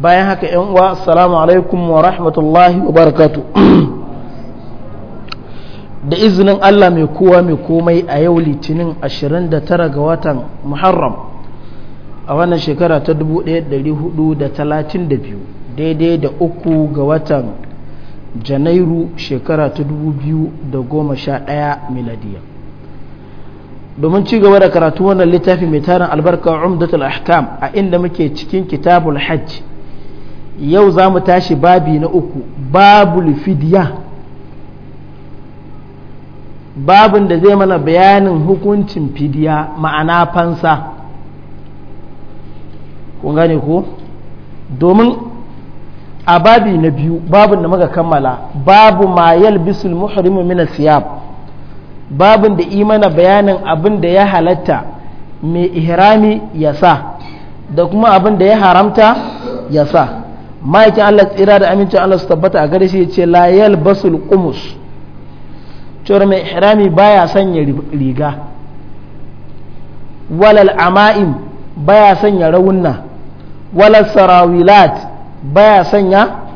bayan haka yan uwa assalamu alaikum wa rahmatullahi wa barakatu da izinin Allah mai kowa mai komai a yau litinin 29 ga watan muharram a wannan shekara ta 1432 daidai da uku ga watan janairu shekara ta 2011 miladiya domin ci gaba da karatu wannan littafi mai tarin albarka umdatul ahkam a inda muke cikin kitabul hajji. yau za mu tashi babi na uku babul fidya babin da zai mana bayanin hukuncin fidya ma'ana fansa kun gane ko domin a babi na biyu babin da muka kammala babu ma yalbisul muhrimu min siyab babin da mana bayanin abin da ya halatta mai ihrami ya sa da kuma abin da ya haramta ya sa ma'aikin Allah tsira da amincin Allah su tabbata a gare shi yace layal basul kumus cewar mai ihrami baya sanya riga walal ama'im baya sanya rawunna walal sarawilat baya sanya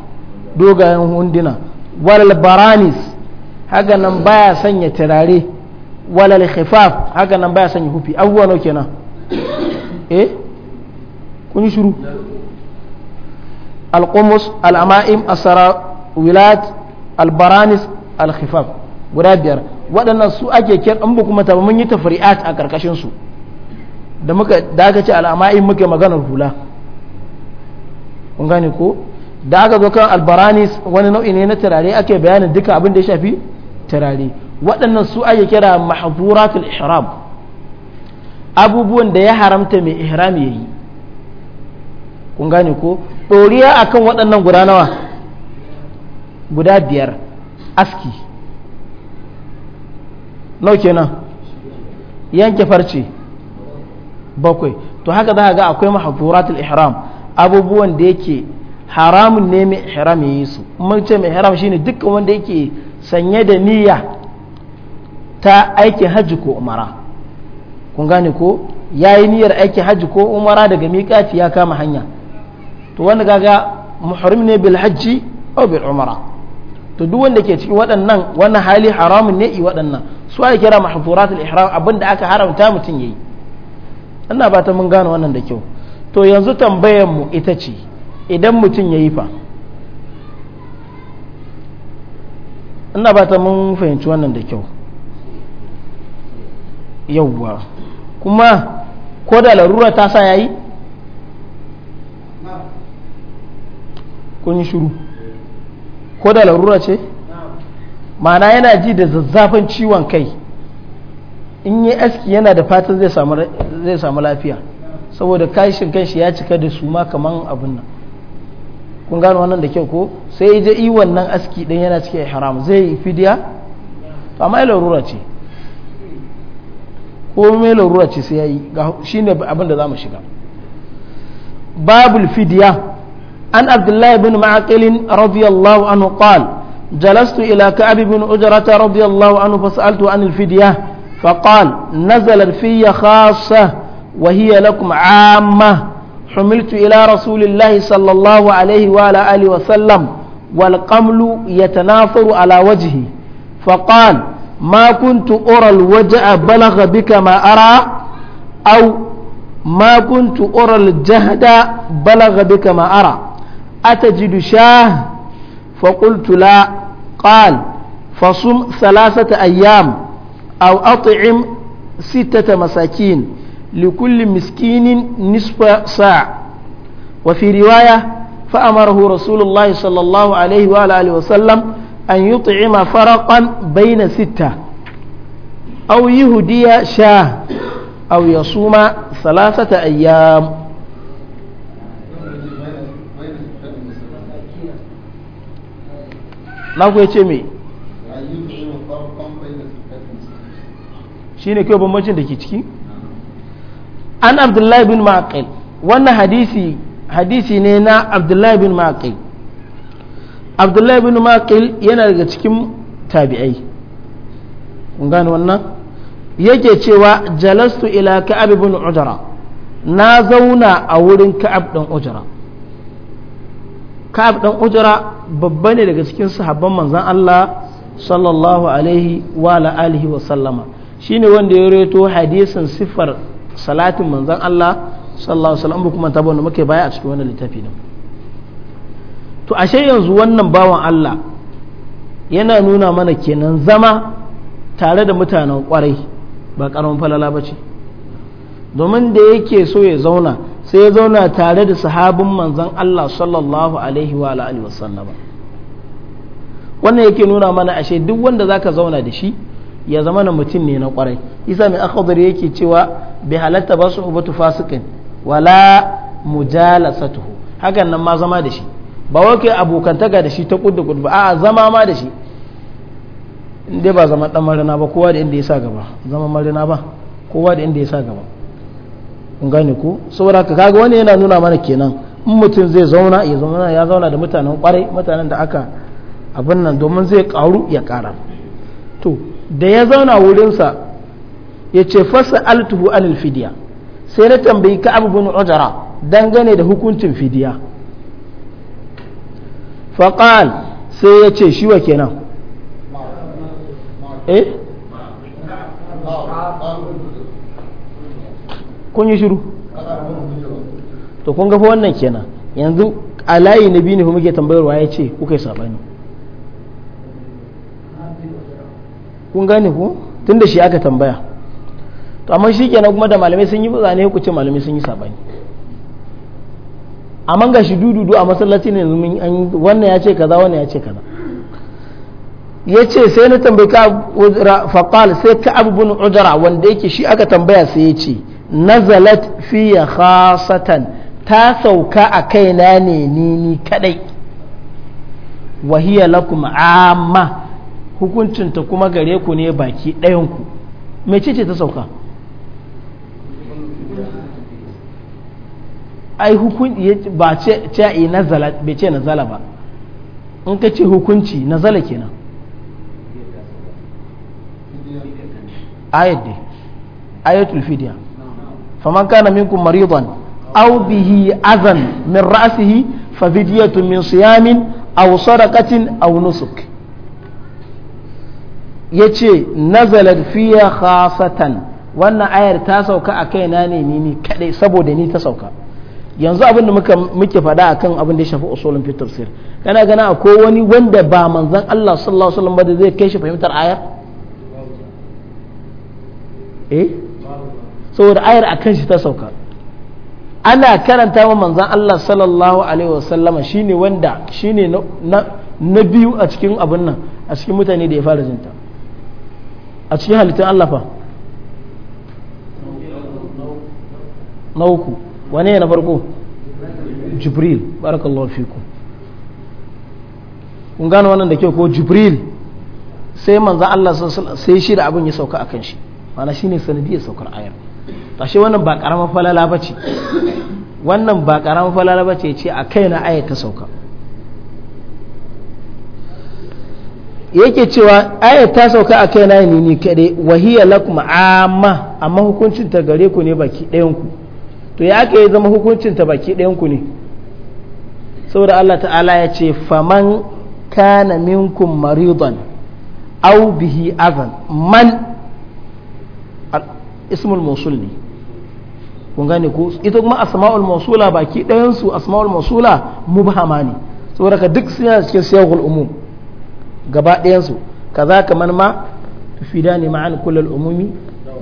dogayen hunduna walal baranis haka nan baya sanya turare walal khifaf haka nan baya sanya hufi abubuwa nau kenan eh kun yi shiru القمص al'ama'im asarawilat albaranis alkhifaf guda biyar waɗannan su ake kira in ba kuma mun yi tafri'at a karkashin da muka da aka ce al'ama'im muke maganar hula kun gane ko da aka zo kan albaranis wani nau'i ne na turare ake bayanin duka abin da ya shafi turare waɗannan su ake kira mahduratul ihram abubuwan da ya haramta mai ihram yayi kun gane ko ɗoriya a kan waɗannan guda nawa guda biyar aski nau kenan yanke farce bakwai to haka za a ga akwai mahaduratul ihram abubuwan da yake haramun ne mai ihram ya yi su mace mai ihram shine dukkan wanda yake sanye da niyya ta aikin hajji ko umara kun gane ko ya yi niyyar aikin hajji ko umara daga miƙati ya kama hanya to wanda kaga muhrim ne bil hajji aw bil umra to duk wanda ke cikin waɗannan wannan hali haramun ne i waɗannan su ake kira mahdhuratul ihram abinda aka haramta mutun yayi ina ba ta mun gano wannan da kyau to yanzu tambayar mu ita ce idan mutun yayi fa ina ba ta mun fahimci wannan da kyau yawwa kuma ko da larura ta sa yayi kun yi shiru ko da larura ce ma'ana yana ji da zazzafin ciwon kai in yi aski yana da fatan zai samu lafiya saboda kashin kanshi ya cika da su ma kaman abin nan kun gano wannan da kyau ko sai ya je iwon nan aski din yana cike haram zai yi fidiya to amma larura ce ko mai larura ce sai ya yi shine abin da za mu shiga babul fidiya عن عبد الله بن معقل رضي الله عنه قال جلست إلى كعب بن أجرة رضي الله عنه فسألت عن الفدية فقال نزلت في خاصة وهي لكم عامة حملت إلى رسول الله صلى الله عليه وعلى آله وسلم والقمل يتنافر على وجهي فقال ما كنت أرى الوجع بلغ بك ما أرى أو ما كنت أرى الجهد بلغ بك ما أرى أتجد شاه فقلت لا قال فصم ثلاثة أيام أو أطعم ستة مساكين لكل مسكين نصف ساعة وفي رواية فأمره رسول الله صلى الله عليه وآله وسلم أن يطعم فرقا بين ستة أو يهدي شاه أو يصوم ثلاثة أيام na ku ce me ne kai bambancin da ke ciki an abdullahi bin maqil wannan hadisi hadisi ne na abdullahi bin maqil abdullahi bin maqil yana daga cikin tabi'ai kun gane wannan yake cewa jalastu ila ka'ab bin ujra na zauna a wurin ka'ab ɗin ujra ka'ab dan ujra babba ne daga cikin sahabban manzon Allah sallallahu alaihi wa alihi wa sallama shine wanda ya rawaito hadisin sifar salatin manzon Allah sallallahu alaihi wasallam kuma tabon da muke baya a cikin wannan littafi din to ashe yanzu wannan bawan Allah yana nuna mana kenan zama tare da mutanen kwarai ba karamin falala bace domin da yake so ya zauna sai ya zauna tare da sahabin manzan Allah sallallahu alaihi wa alihi wasallam wannan yake nuna mana ashe duk wanda zaka zauna da shi ya zama na mutum ne na kwarai isa mai akhdar yake cewa bai halatta ba su ubatu fasikin wala mujalasatuhu hakan nan ma zama da shi ba wake abokantaka da shi ta kudda ba a'a zama ma da shi inda ba zama dan marina ba kowa da inda ya sa gaba zama marina ba kowa da inda ya sa gaba kun gane ko saboda ka kaga wani yana nuna mana kenan in mutum zai zauna ya zauna ya zauna da mutanen kwarai mutanen da aka abin nan domin zai karu ya kara to da ya zauna wurinsa ya ce fasa altuhu anil fidiya sai na tambayi ka abubuwan ujara dangane da hukuncin fidiya faƙal sai ya ce shi wa kenan eh kun yi shiru to kun gafi wannan kenan yanzu a layi na biyu ne muke tambayarwa ya ce kuka yi sabani kun gane ku tun da shi aka tambaya to amma shi kenan kuma da malamai sun yi zane ku ce malamai sun yi sabani amma ga shi dududu a masallaci ne yanzu wannan ya ce kaza wannan ya ce kaza ya ce sai na tambayi ka faƙal sai ka abu bin wanda yake shi aka tambaya sai ya ce nazalat fiye khasatan ta sauka a kaina ne ni ni kadai wahiyar lakum amma hukuncinta kuma gare ku ne baki ɗayanku mai ce ta sauka ai hukunci ba ce a nazala bai ce nazala ba in ka ce hukunci nazala kenan ayat dai ayatul fidya faman kana azan min ra'sihi fa fidyatun min siyamin aw sadaqatin aw nusuk yace nazalat fiya wannan ayar ta sauka a kaina ne ni ni kadai saboda ni ta sauka yanzu abin da muka muke faɗa akan abin da ya shafi usulun fi tafsir kana gana akwai wani wanda ba manzon Allah sallallahu alaihi wasallam ba da zai kai shi fahimtar ayar eh saboda ayar a kan shi ta sauka ana karanta wa manzan Allah sallallahu alaihi wasallama shine wanda shine na biyu a cikin abin nan a cikin mutane da ya fara jinta a cikin halittun Allah fa na uku wane na farko jibril barakallahu fiku kun gano wannan da kyau ko jibril sai manzan Allah sai shi da abin ya sauka a kan shi mana shine sanadiyar saukar ayar ashe wannan ba karamar falala ba ce wannan ba karamar falala ba ce ce a kai na ayat ta sauka yake cewa ayat ta sauka a kai na ni ni kaɗai wahiyar lakum amma amma hukuncin ta gare ku ne baki ku to ya aka yi zama hukuncin ta baki ɗayanku ne saboda Allah ta'ala ya ce faman kana minkum maridan aw bihi azan man ismul musulli kun gane ko ita kuma asma'ul mawsula baki ɗayan su asma'ul mawsula mubhama ne saboda ka duk suna cikin siyaqul umum gaba ɗayan su kaza kaman ma tufidani ma'an kullal umumi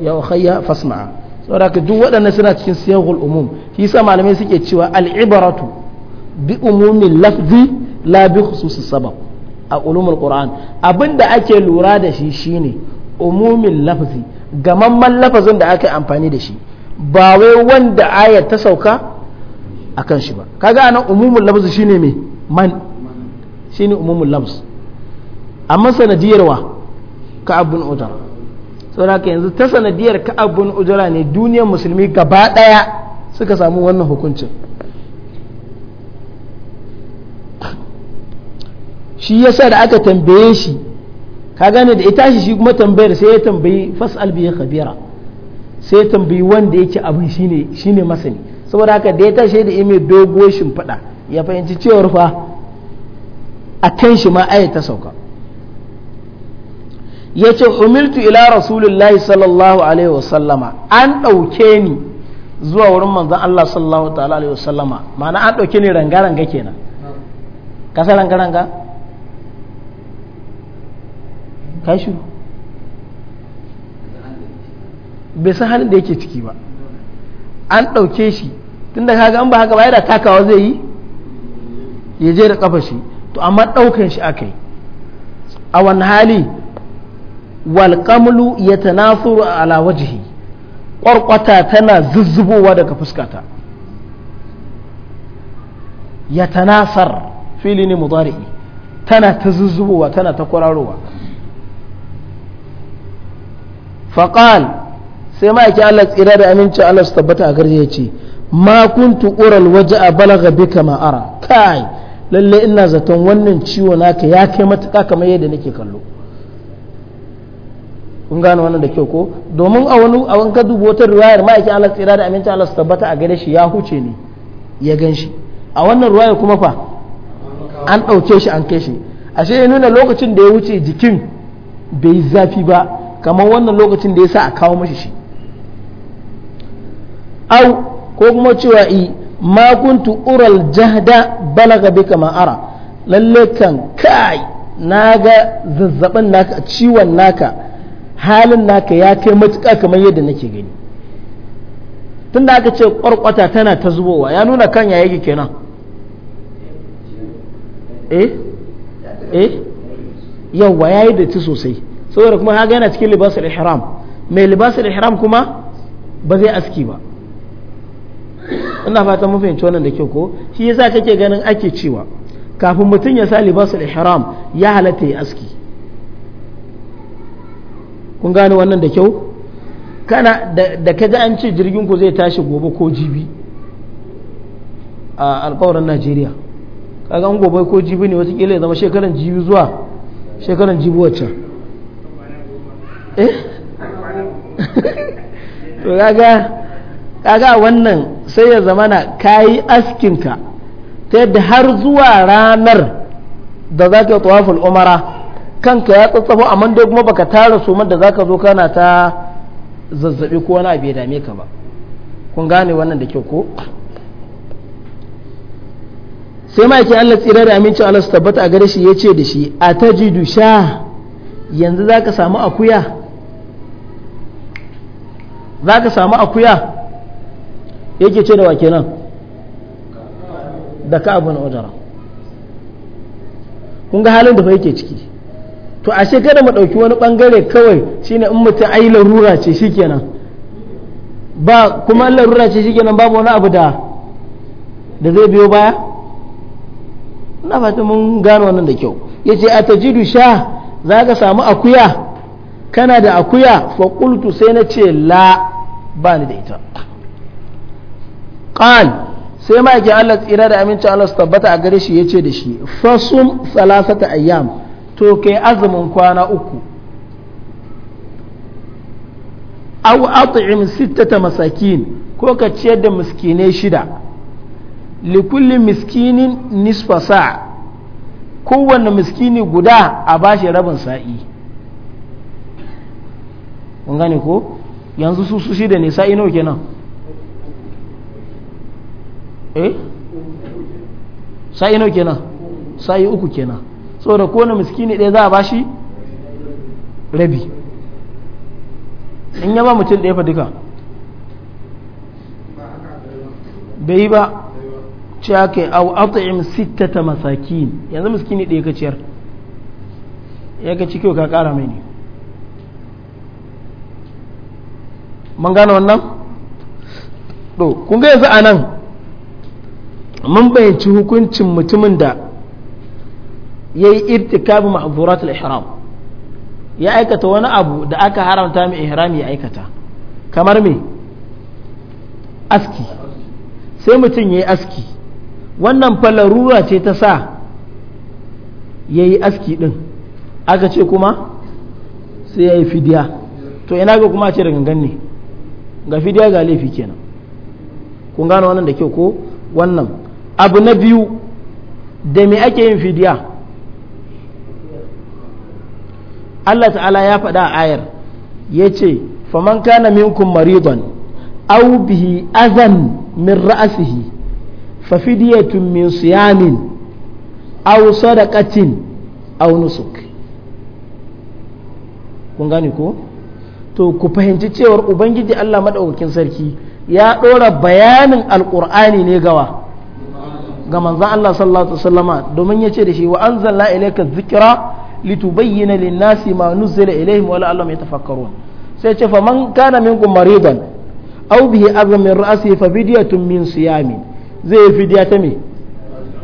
ya khayya fasma'a saboda ka duk waɗannan suna cikin siyaqul umum shi yasa malamai suke cewa al-ibratu bi umumin lafzi la bi khususis sabab a ulumul qur'an abinda ake lura da shi shine umumin lafzi gamamman lafazin da aka amfani da shi ba wai wanda ayar ta sauka a kan shi ba kaga anan umumul lafz shine me man shine umumul lafz amma sanadiyar wa ka abun udara saboda haka yanzu ta sanadiyar ka abun udara ne duniyar musulmi gaba daya suka samu wannan hukuncin shi yasa da aka tambaye shi ka gane da ita shi kuma tambayar sai ya tambayi fas'al bihi khabira sai tambayi wanda yake abin shine shine masani saboda haka da ya tashi da ime dogo shimfiɗa ya fahimci cewar fa a kan shi ma aya ta sauka ya ce umiltu ila rasulullahi sallallahu alaihi wasallama an ɗauke ni zuwa wurin manzon Allah sallallahu ta'ala alaihi wasallama ma'ana an ɗauke ni ranga-ranga kenan ka ranga-ranga kai shiru bai san halin da yake ciki ba an ɗauke shi tun da kaga an ba haka bayan da takawa zai yi ya je da ƙafa shi to amma ɗaukan shi aka yi a wani hali walƙamlu ya tsoro ala wajihi ƙwarƙwata tana zuzzubowa daga fuskata ya tanasar fili ne mudari'i tana ta zuzzubowa tana ta kwararowa faƙal sai ma yake Allah tsira da aminci Allah su tabbata a garje ya ce ma kuntu waje a balaga bika ma'ara. ara kai lalle ina zaton wannan ciwo naka ya kai matuƙa kamar yadda nake kallo kun gane wannan da kyau ko domin a wani a wani dubu wata ruwayar ma yake Allah tsira da aminci Allah su tabbata a gare shi ya huce ne ya gan shi a wannan ruwayar kuma fa an ɗauke shi an kai shi ashe ya nuna lokacin da ya wuce jikin bai zafi ba kamar wannan lokacin da ya sa a kawo mashi shi au ko kuma cewa i ma kuntu ural jahda balaga bika ma'ara lalle kan kai naga zazzabin naka ciwon naka halin naka ya kai matuƙa kamar yadda nake gani tun da aka ce kwarkwata tana ta zubowa ya nuna kan ya yake kenan eh eh yawa ya yi datti sosai saboda kuma haga yana cikin libasar ihram mai libasar ihram kuma ba zai aski ba ina fata mun fahimci wannan da kyau ko shi yasa kake ganin ake cewa kafin mutum ya sa libasul ihram ya halatta ya aski kun gane wannan da kyau kana da kaga an ce jirgin ku zai tashi gobe ko jibi a alkawarin najeriya kaga an gobe ko jibi ne kila ya zama shekaran jibi zuwa shekaran jibi wacce eh to kaga kaga wannan sai ya zamana kayi askinka ta yadda har zuwa ranar da za ka yi tawaful umara kanka ya tsatsafo amma dai kuma baka tara su da za ka zo kana ta zazzabi ko wani abu ya dame ka ba kun gane wannan da kyau ko sai ma'aikin Allah tsira da amincin Allah su tabbata a gare shi ya ce da shi a ta dusha yanzu za ka samu akuya yake ce da wa kenan da ka abu na ujara kun ga halin da fa yake ciki to ashe kada mu ɗauki wani ɓangare kawai shine in mutum ayi larura ce shikenan ba kuma an larura ce shikenan babu wani abu da da zai biyo baya na fata mun gano wannan da kyau ya ce a tajidu sha za ka samu akuya kana da akuya fa sai na ce la ba ni da ita qal sai ma yake Allah tsira da aminci Allah su tabbata a gare shi yace da shi fasum salasata ayyam to kai azumin kwana uku aw at'im sittata masakin ko ka ciyar da miskinai shida likulli miskinin nisfa sa kowanne miskini guda a bashi rabin sa'i kun gane ko yanzu su su shida ne sa'i nawa kenan eh sa'i nawa kenan sa'i uku kenan saboda kowane miskini ɗaya za a bashi rabi in ya ba mutum ɗaya fa duka bai ba ce aka yi au at'im sittata masakin yanzu miskini ɗaya ka ciyar ya ka cikin ka ƙara mai ne mun gane wannan to kun ga yanzu a nan mun bayanci hukuncin mutumin da ya yi irtikabi ma'azurat al-ihram ya aikata wani abu da aka haramta mai ihrami ya aikata kamar me aski sai mutum ya yi aski wannan falarura ce ta sa ya yi aski ɗin aka ce kuma sai ya yi fidiya to ina ga kuma ce da gangan ne ga fidiya ga laifi kenan kun gano wannan da kyau ko wannan abu na biyu da me ake yin fidiya Allah ta'ala ya faɗa a ayar ya ce faman kana minkum maridon au bihi azan min ra'asihi fa fidiyatun min siyamin au sadaqatin au nusuk kun gane ko to ku fahimci cewar ubangiji Allah madaukakin sarki ya ɗora bayanin alƙur'ani ne gawa ga manzon Allah sallallahu alaihi domin ya ce da shi wa anzalna ilayka dhikra litubayyana lin-nasi ma nuzila ilayhim wa la'allahum yatafakkarun sai ce fa man kana minkum maridan aw bihi azam min ra'si fa fidyatun min siyamin zai fidiya ta me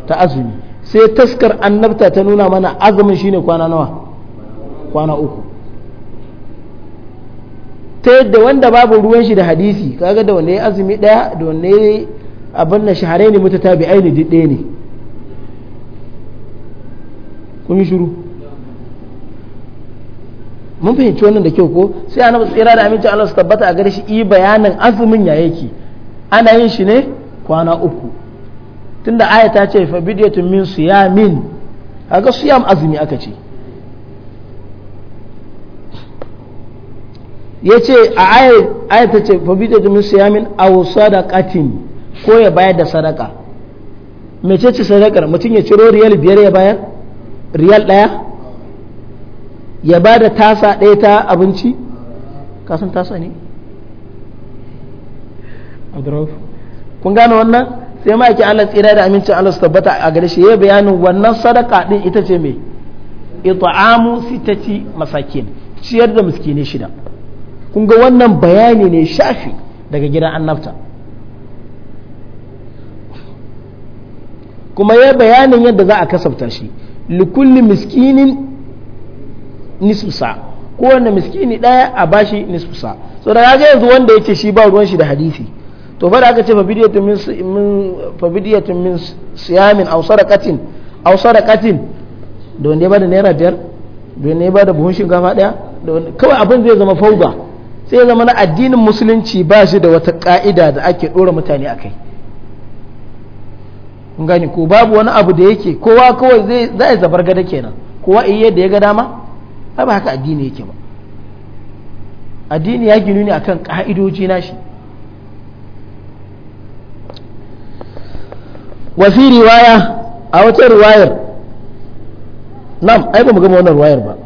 ta azumi sai taskar annabta ta nuna mana azumin shine kwana nawa kwana uku ta yadda wanda babu ruwan shi da hadisi kaga da wanda ya azumi daya da wanda ya abin na shaharai ne mutata bi aini duk ɗaya ne kun yi shiru mun fahimci wannan da kyau ko sai annabi tsira da amincin Allah su tabbata a gare shi yi bayanin azumin ya yake ana yin shi ne kwana uku tunda aya ta ce fa bidiyatun min siyamin kaga siyam azumi aka ce yace a aya ta ce fa bidiyatun min wasu da katin ko ya bayar da sadaka ce sadakar mutum ya ciro riyal biyar ya bayar riyal ɗaya ya ba da tasa ɗaya ta abinci kasan tasa ne kun gano wannan sai ma'aikin allah tsira da amincin allah su tabbata a gare shi ya bayanin wannan sadaka ɗin ita ce mai amu sitati masakin ciyar da miskinai shida kun ga wannan bayani ne shafi daga gidan annabta kuma ya bayanin yadda za a kasafta shi likulli miskinin nisfusa kowane miskini ɗaya a bashi nisusa so da kaga yanzu wanda ya ce shi ba ruwan shi da hadisi to fa da aka ce fabidiyatun min siyamin aw sadaqatin aw sadaqatin da wanda ya bada naira biyar da wanda ya bada buhun shinkafa ɗaya kawai abin zai zama fauda sai zama na addinin musulunci ba shi da wata ka'ida da ake ɗora mutane akai. kai gani ko babu wani abu da yake kowa kawai zai za zabar gada kenan kowa iya yadda ya ga dama ba haka addini yake ba addini ya ginu ne akan ka'idoji nashi wa fi riwaya a wata riwayar nam ai ba mu gama wannan riwayar ba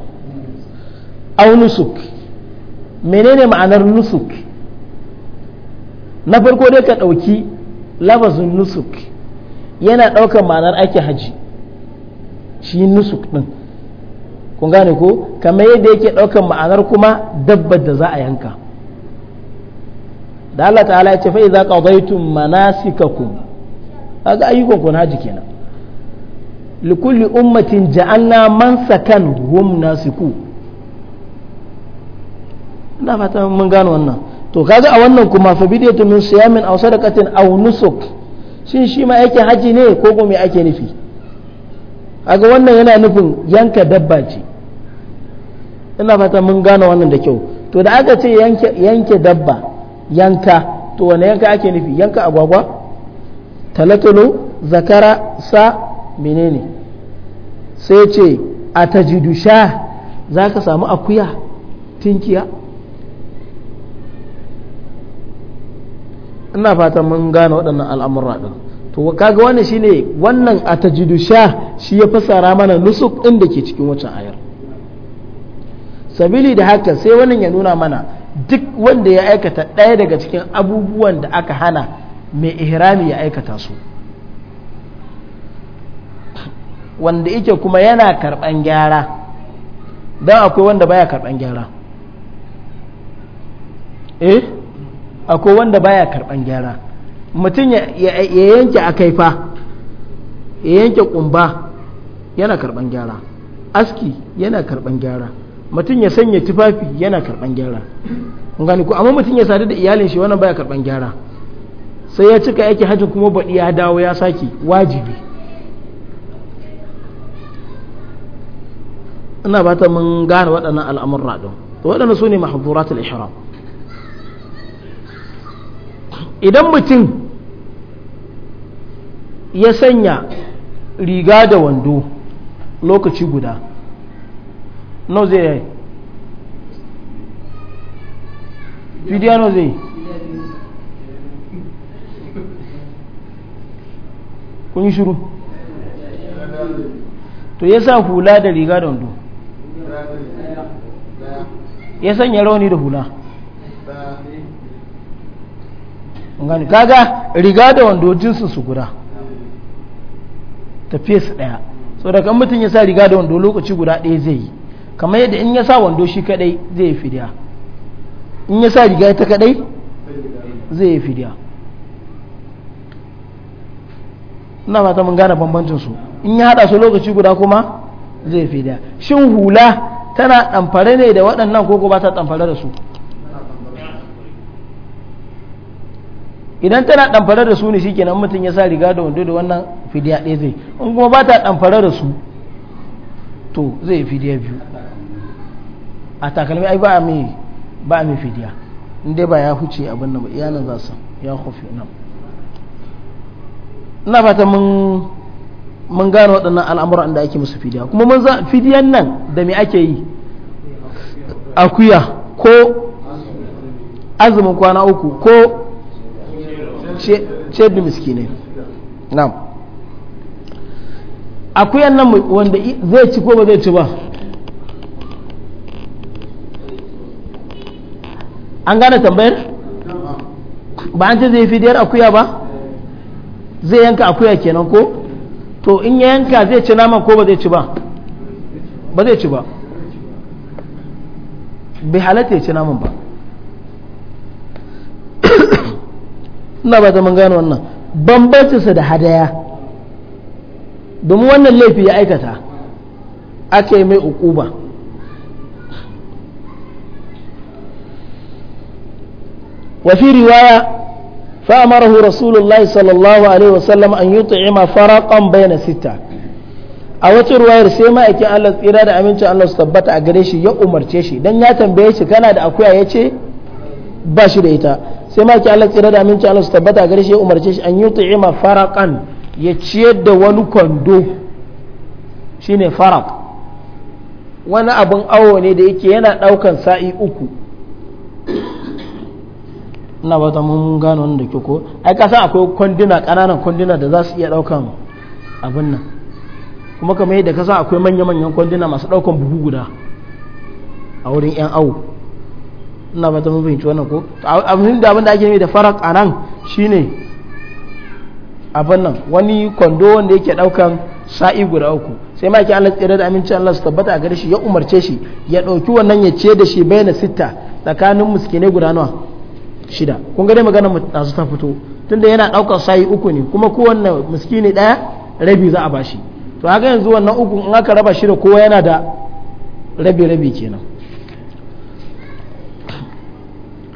au nusuk menene ma'anar nusuk na farko dai ka ɗauki labazin nusuk yana ɗaukar ma'anar ake hajji shi nusuk ɗin kun gane ko kamar yadda yake ɗaukar ma'anar kuma dabbar da za a yanka da Allah ta'ala ya ce fa idza qadaytum manasikakum aga ayyukan kun haji kenan likulli ummatin ja'alna mansakan hum nasiku ina fata mun gano wannan to kaga a wannan kuma fa bidiyatu min siyamin aw sadaqatin aw nusuk shin shi ma aikin haji ne ko ko me ake nufi aga wannan yana nufin yanka dabba ce ina fata mun gane wannan da kyau to da aka ce yanke dabba yanka to wane yanka ake nufi yanka agwagwa talatulu zakara sa menene sai ce a tajidu sha za ka samu akuya tinkiya ina fatan mun gane waɗannan al'amurra ɗin to kaga wani shine wannan a tajidu sha shi ya fasara mana nusuk ɗin da ke cikin wancan ayar sabili da haka sai wannan ya nuna mana duk wanda ya aikata ɗaya daga cikin abubuwan da aka hana mai ihrami ya aikata su wanda yake kuma yana karɓan gyara don akwai wanda baya karɓan gyara eh akwai wanda baya karban gyara mutum ya yanke a kaifa ya yanke kumba yana karban gyara aski yana karban gyara mutum ya sanya tufafi yana karban gyara gani ku amma mutum ya sadu da iyalin shi wannan baya karban gyara sai ya cika yake hajji kuma baɗi ya dawo ya sake wajibi ina ba ta mun gane waɗannan al'amurra ɗin waɗannan su ne ta ihram idan mutum ya sanya riga da wando lokaci guda no zai yi fidiya no zai kun yi shuru to ya sa hula da riga da wando ya sanya rauni da hula gani kaga riga da wando jinsin su guda tafiye su daya so da kan mutum ya sa riga da wando lokaci guda ɗaya zai yi kamar yadda in ya sa wando shi kadai zai yi fidiya in ya sa riga ta kadai zai yi fidiya ina fata mun gane bambancin su in ya hada su lokaci guda kuma zai fidiya shin hula tana ɗamfare ne da waɗannan ko ba ta ɗamfare da su idan tana ɗamfare da su ne shi kenan mutum ya sa riga da wando da wannan fidiya ɗaya zai in kuma ba ta ɗamfare da su to zai yi fidiya biyu a takalmi ai ba a mai ba a mai fidiya in dai ba ya huce abin nan ba nan za su ya kofi nan ina fata mun mun gane waɗannan al'amuran da ake musu fidiya kuma mun za fidiyan nan da me ake yi akuya ko azumin kwana uku ko ciyar miskinai na'am akuyan nan wanda zai ci ko ba zai ci ba an gane tambayar ba an ce zai fidiyar akuya ba zai yanka akuya kenan ko to in ya yanka zai ci naman ko ba zai ci ba ba zai ci ba bai halatta ya ci naman ba ina ba ta mun wannan bambancinsa da hadaya domin wannan laifi ya aikata aka mai ukuba وفي رواية فأمره رسول الله صلى الله عليه وسلم أن يطعم فرقا بين sita, a wacce ruwayar sai ma'aikin Allah tsira da amincin Allah su tabbata a gare shi ya umarce shi don ya tambaye shi kana da akuya ya ce ba shi da ita sai ma ki Allah tsira da aminci Allah su tabbata gare shi umarce shi an yi ima faraqan ya ciyar da wani kwando shine faraq wani abin awo ne da yake yana daukan sa'i uku ina ba ta mun gano wanda ke ko ai ka san akwai kwanduna kananan kwanduna da za su iya daukan abin nan kuma kamar yadda ka san akwai manya-manyan kwanduna masu daukan buhu guda a wurin 'yan awo ina ba ta wannan ko abin da abin da ake nufi da farak a nan shine abin nan wani kwando wanda yake daukan sa'i guda uku sai ma yake Allah tsira da amincin Allah su tabbata a gare shi ya umarce shi ya dauki wannan ya ce da shi bayan sitta tsakanin muskine guda nawa shida kun ga dai magana masu ta fito tunda yana ɗaukar sa'i uku ne kuma kowanne muskine daya rabi za a bashi to haka yanzu wannan uku in aka raba shi da kowa yana da rabi rabi kenan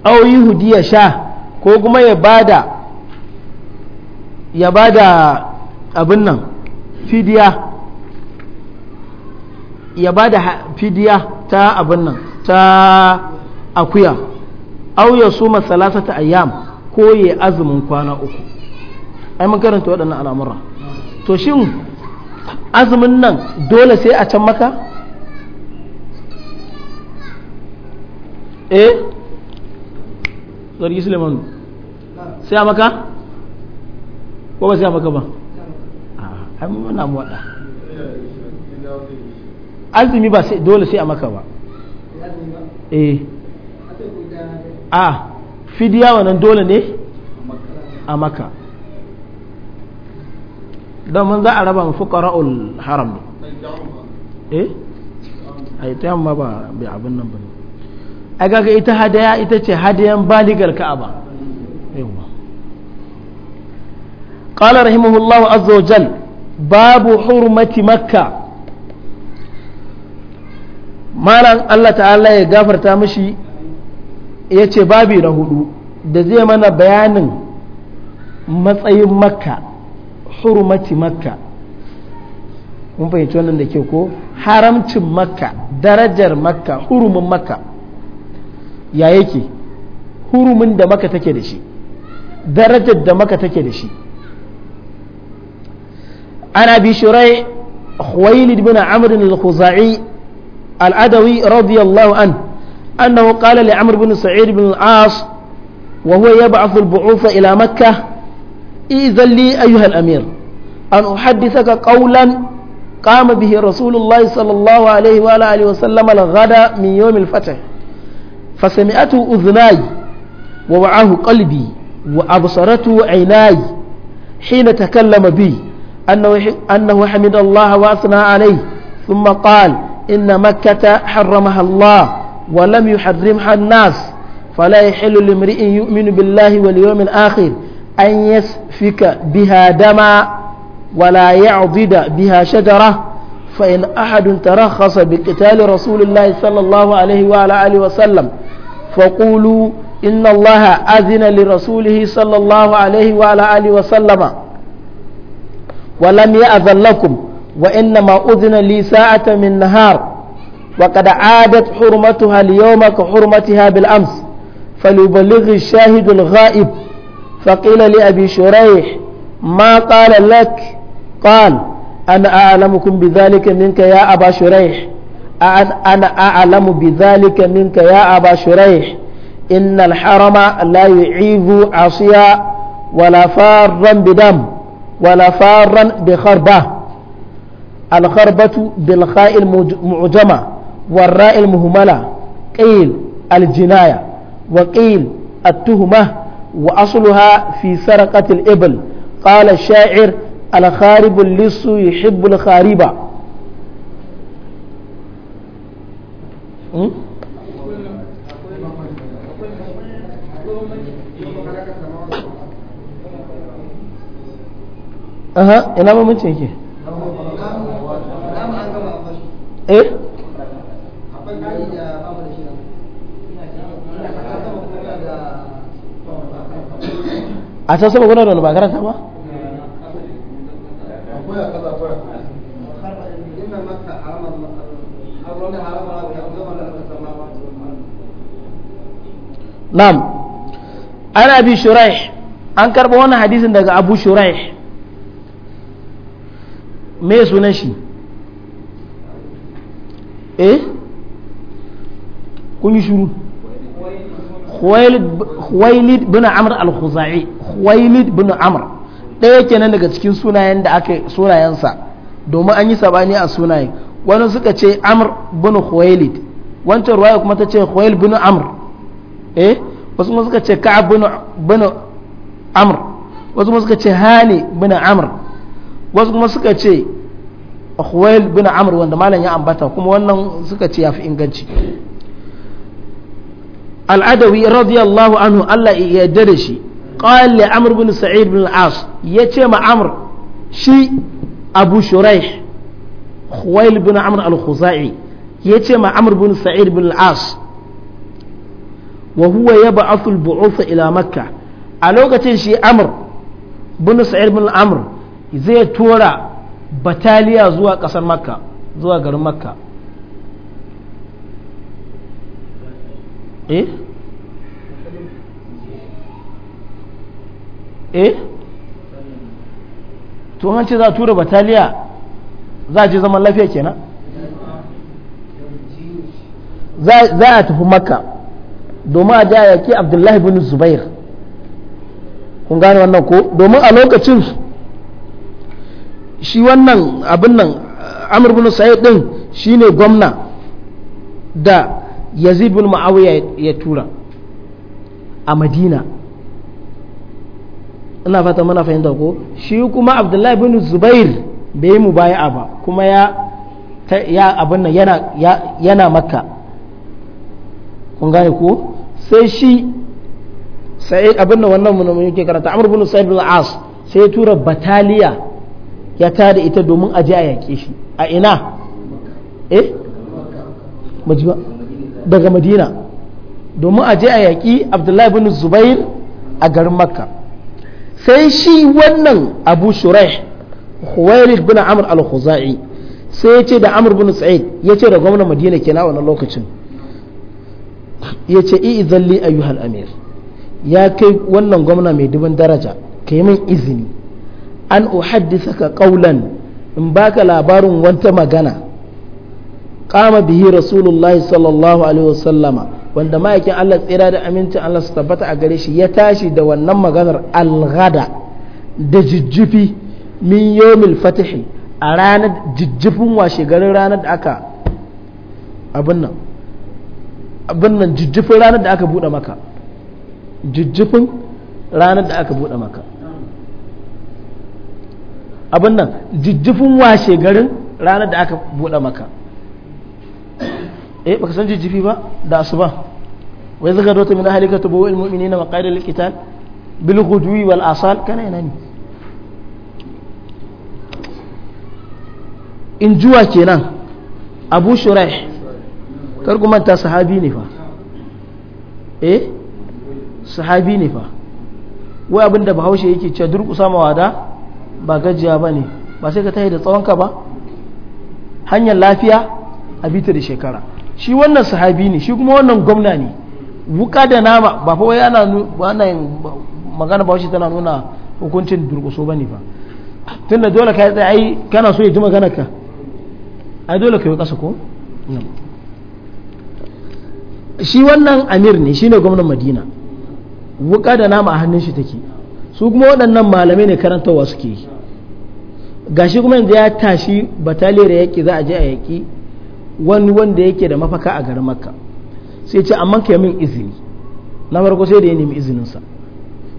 au hudiya sha ko kuma ya bada ya bada abin nan fidiya ya bada fidiya ta abin nan ta akuya au ya suma salasata ayyam ko ya azumin kwana uku ai mun karanta waɗannan al'amura to shin azumin nan dole sai a can maka eh zargi suleiman sai a maka ko ba sai a maka ba a ah, muna waɗa azumi ba sai dole sai a maka ba eh a fidiya wannan dole ne a maka don mun za a raba fukara'ul haram ne eh a yi ta yamma ba bai abin nan ba ne a kaga ita hadaya ita ce hadayan baligar ka'aba قال رحمه azzawajal عز وجل باب حرمة malam Allah ta'ala ya gafarta mashi ya ce babi na hudu da zai mana bayanin matsayin makka hurmati makka mun fahimci wannan da ke ko haramcin makka darajar makka hurumin makka ya yake hurumin da maka take da shi darajar da maka take da shi ana bi shirai khwailid bin amr bin al radiyallahu an annahu qala li amr bin sa'id bin al-as wa huwa ila makkah idhan li amir an uhaddithaka qawlan qama bihi rasulullah sallallahu alayhi wa wa sallam al-ghada min yawm al-fath فسمعته أذناي ووعاه قلبي وأبصرته عيناي حين تكلم بي أنه, أنه حمد الله وأثنى عليه ثم قال إن مكة حرمها الله ولم يحرمها الناس فلا يحل لامرئ يؤمن بالله واليوم الآخر أن يسفك بها دما ولا يعضد بها شجرة فإن أحد ترخص بقتال رسول الله صلى الله عليه وعلى آله وسلم فقولوا إن الله أذن لرسوله صلى الله عليه وعلى آله وسلم ولم يأذن لكم وإنما أذن لي ساعة من نهار وقد عادت حرمتها اليوم كحرمتها بالأمس فليبلغ الشاهد الغائب فقيل لأبي شريح ما قال لك قال أنا أعلمكم بذلك منك يا أبا شريح أنا أعلم بذلك منك يا أبا شريح إن الحرم لا يعيذ عصيا ولا فارا بدم ولا فارا بخربة الخربة بالخاء المعجمة والراء المهملة قيل الجناية وقيل التهمة وأصلها في سرقة الإبل قال الشاعر الخارب اللص يحب الخاربة Hmm? aha ina bambanci yake eh a can sama gudanar da ba ba na'am ana bi shuraih an karba wannan hadisin daga abu shuraih me sunan shi eh kun yi shuru khuwailid bin amr al-khuzai khuwailid bin amr ɗaya kenan daga cikin sunayen da aka sunayen sa domin an yi sabani a sunayen wani suka ce amr bin khuwailid wancan ruwaya kuma ta ce khuwail bin amr eh wasu ma suka ce ka'ab bin amr wasu ma suka ce hani bin amr wasu kuma suka ce akhwail bin amr wanda malam ya ambata kuma wannan suka ce yafi inganci al'adawi radiyallahu anhu Allah ya yarda shi qala li amr bin sa'id bin al-as ce ma amr shi abu shuraih khuwail bin amr al-khuzai ce ma amr bin sa'id bin al-as wa huwa yab'athu al-bu'uth ila makka a lokacin shi amr bin sa'id bin amr zai tura bataliya zuwa kasar makka zuwa garin makka eh eh to an ce za tura bataliya za a je zaman lafiya kenan za a tafi makka domin a ja ke abdullahi bin zubair kun gane wannan ko domin a lokacin shi wannan abin nan amr bin sa'id din shine gwamna da yazid bin ma'awiya ya tura a madina ina fata mana fahimta ko shi kuma abdullahi bin zubair bai yi mu mubaya'a ba kuma ya ya abin nan yana yana makka kun gane ko sai shi sai abin da wannan mun yake karanta amur bin sa'id bin as sai tura bataliya ya tada ita domin a je a yaƙe shi a ina eh majiba daga madina domin a je a yaƙi abdullahi bin zubair a garin makka sai shi wannan abu shuraih huwairid bin amr al-khuzai sai ya ce da amr bin sa'id ya ce da gwamnan madina kenan a wannan lokacin ya ce i zalli ayyuhal amir ya kai wannan gwamna mai dubin daraja ka yi min izini an haddisa ka kaulan in baka labarin wata magana kama bihi rasulullahi sallallahu alaihi wasallama wanda ma'aikin Allah tsira da amincin Allah su tabbata a gare shi ya tashi da wannan maganar alghada da jijjifi min yomil fatihi a ranar jijjifin washe garin ranar da aka abin nan abin nan jijjifin ranar da aka buɗe maka jijjifin ranar da aka buɗe maka abin nan jijjifin washe garin ranar da aka buɗe maka eh baka san jijjifi ba da su ba wai zaga ta min halika tubu al mu'minina wa qadil qital bil ghudwi wal asal kana yana ne in juwa kenan abu shuraih kar sahabi ne fa eh sahabi ne fa wai abinda bahaushe yake cewa durƙusa ma wada ba gajiya ba ne ba sai ka tahi da tsawonka ba hanyar lafiya a bita da shekara shi wannan sahabi ne shi kuma wannan gwamna ne wuka da nama ba fa wai ana magana bahaushe tana nuna hukuncin durƙuso ba ne fa tunda dole ka yi tsaye kana so ya ji magana ka ai dole ka yi ƙasa ko shi wannan amir ne shine gwamnan madina wuka da nama a hannun shi take su kuma waɗannan malamai ne karantarwa suke yi gashi kuma yanzu ya tashi bataliyar yaƙi za a je a yaƙi wani wanda yake da mafaka a garin makka sai ce amma ka min izini na farko sai da ya nemi izininsa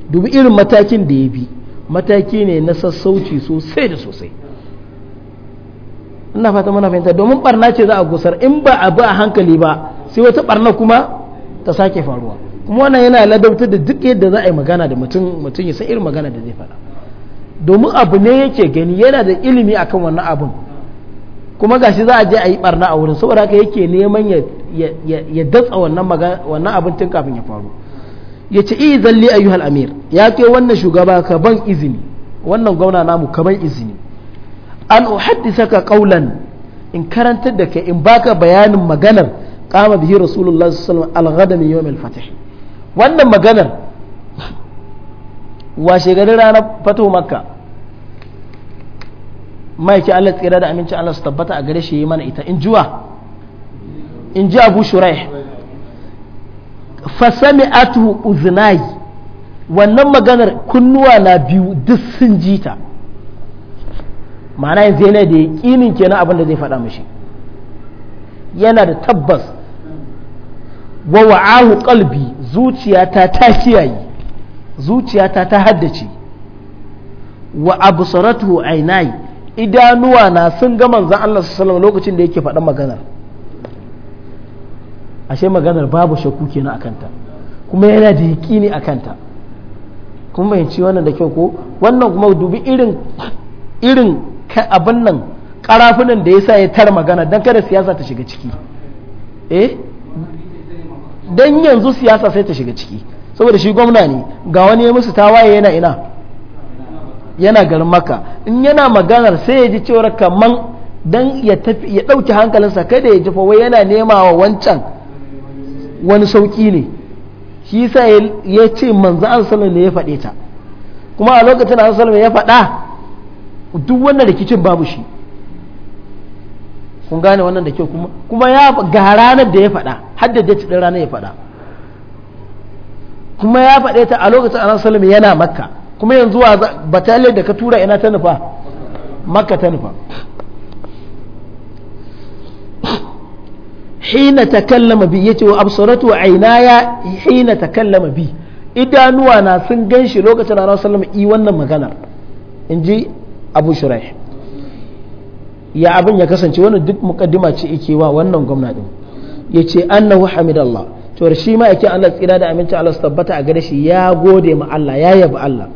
dubi irin matakin da ya bi mataki ne na sassauci sosai da sosai ina fata muna fahimta domin barna ce za a gusar in ba a bi a hankali ba sai wata barna kuma ta sake faruwa kuma wannan yana ladabtar da duk yadda za a yi magana da mutum mutum ya san irin magana da zai faɗa domin abu ne yake gani yana da ilimi akan wannan abun kuma gashi za a je a yi barna a wurin saboda haka yake neman ya datsa wannan wannan abun tun kafin ya faru ya ce i zalli ayyuhal amir ya ce wannan shugaba ka ban izini wannan gwamna namu ka ban izini an uhaddisa ka kaulan in karantar da kai in baka bayanin maganar qama bihi rasulullah sallallahu alaihi wasallam al-ghadam yawm al-fath wannan maganar washe garin ranar fato makka maiki Allah tsira da aminci Allah su tabbata a gare shi yi mana ita in jiwa in ji abu shuraih fasami atu uznayi wannan maganar kunnuwa na biyu duk sun ji ta ma'ana yanzu yana da yaƙinin kenan abin da zai faɗa mashi yana da tabbas wa wa'ahu kalbi zuciyata ta kiyaye zuciyata ta haddace wa abu Saratu ainai idanuwa na sun ga manzan Allah salama lokacin da yake faɗin maganar ashe maganar babu shakku kenan kanta kuma yana da yaƙini kanta kuma bayanci wannan da kyau ko wannan kuma dubi irin irin abin nan karafunan da ya sa ya tar magana dan kada siyasa ta shiga ciki eh don yanzu siyasa sai ta shiga ciki saboda shi gwamna ne ga wani ya musu tawaye yana ina yana garin maka in yana maganar sai ya ji cewar kaman don ya ya dauki hankalinsa kada ya ji wai yana nema wa wancan wani sauki ne shi sa ya ce manzo an sallallahu ne ya faɗe ta kuma a lokacin an sallallahu ya faɗa duk wannan rikicin babu shi kun gane wannan da kyau kuma kuma ya ga ranar da ya faɗa haddada ci ɗin ranar ya faɗa kuma ya faɗe ta a lokacin annabi sallam yana makka kuma yanzu wa bataliyar da ka tura ina ta nufa makka ta nufa hina takallama bi yace wa absaratu aynaya hina takallama bi idanuwa na sun ganshi lokacin annabi wasallam i wannan maganar inji abu shuraih ya abin ya kasance wani duk mukaddima ce yake wa wannan gwamna din yace annahu hamidallah to shi ma yake Allah tsira da aminci Allah tabbata a gare shi ya gode ma Allah ya yabi Allah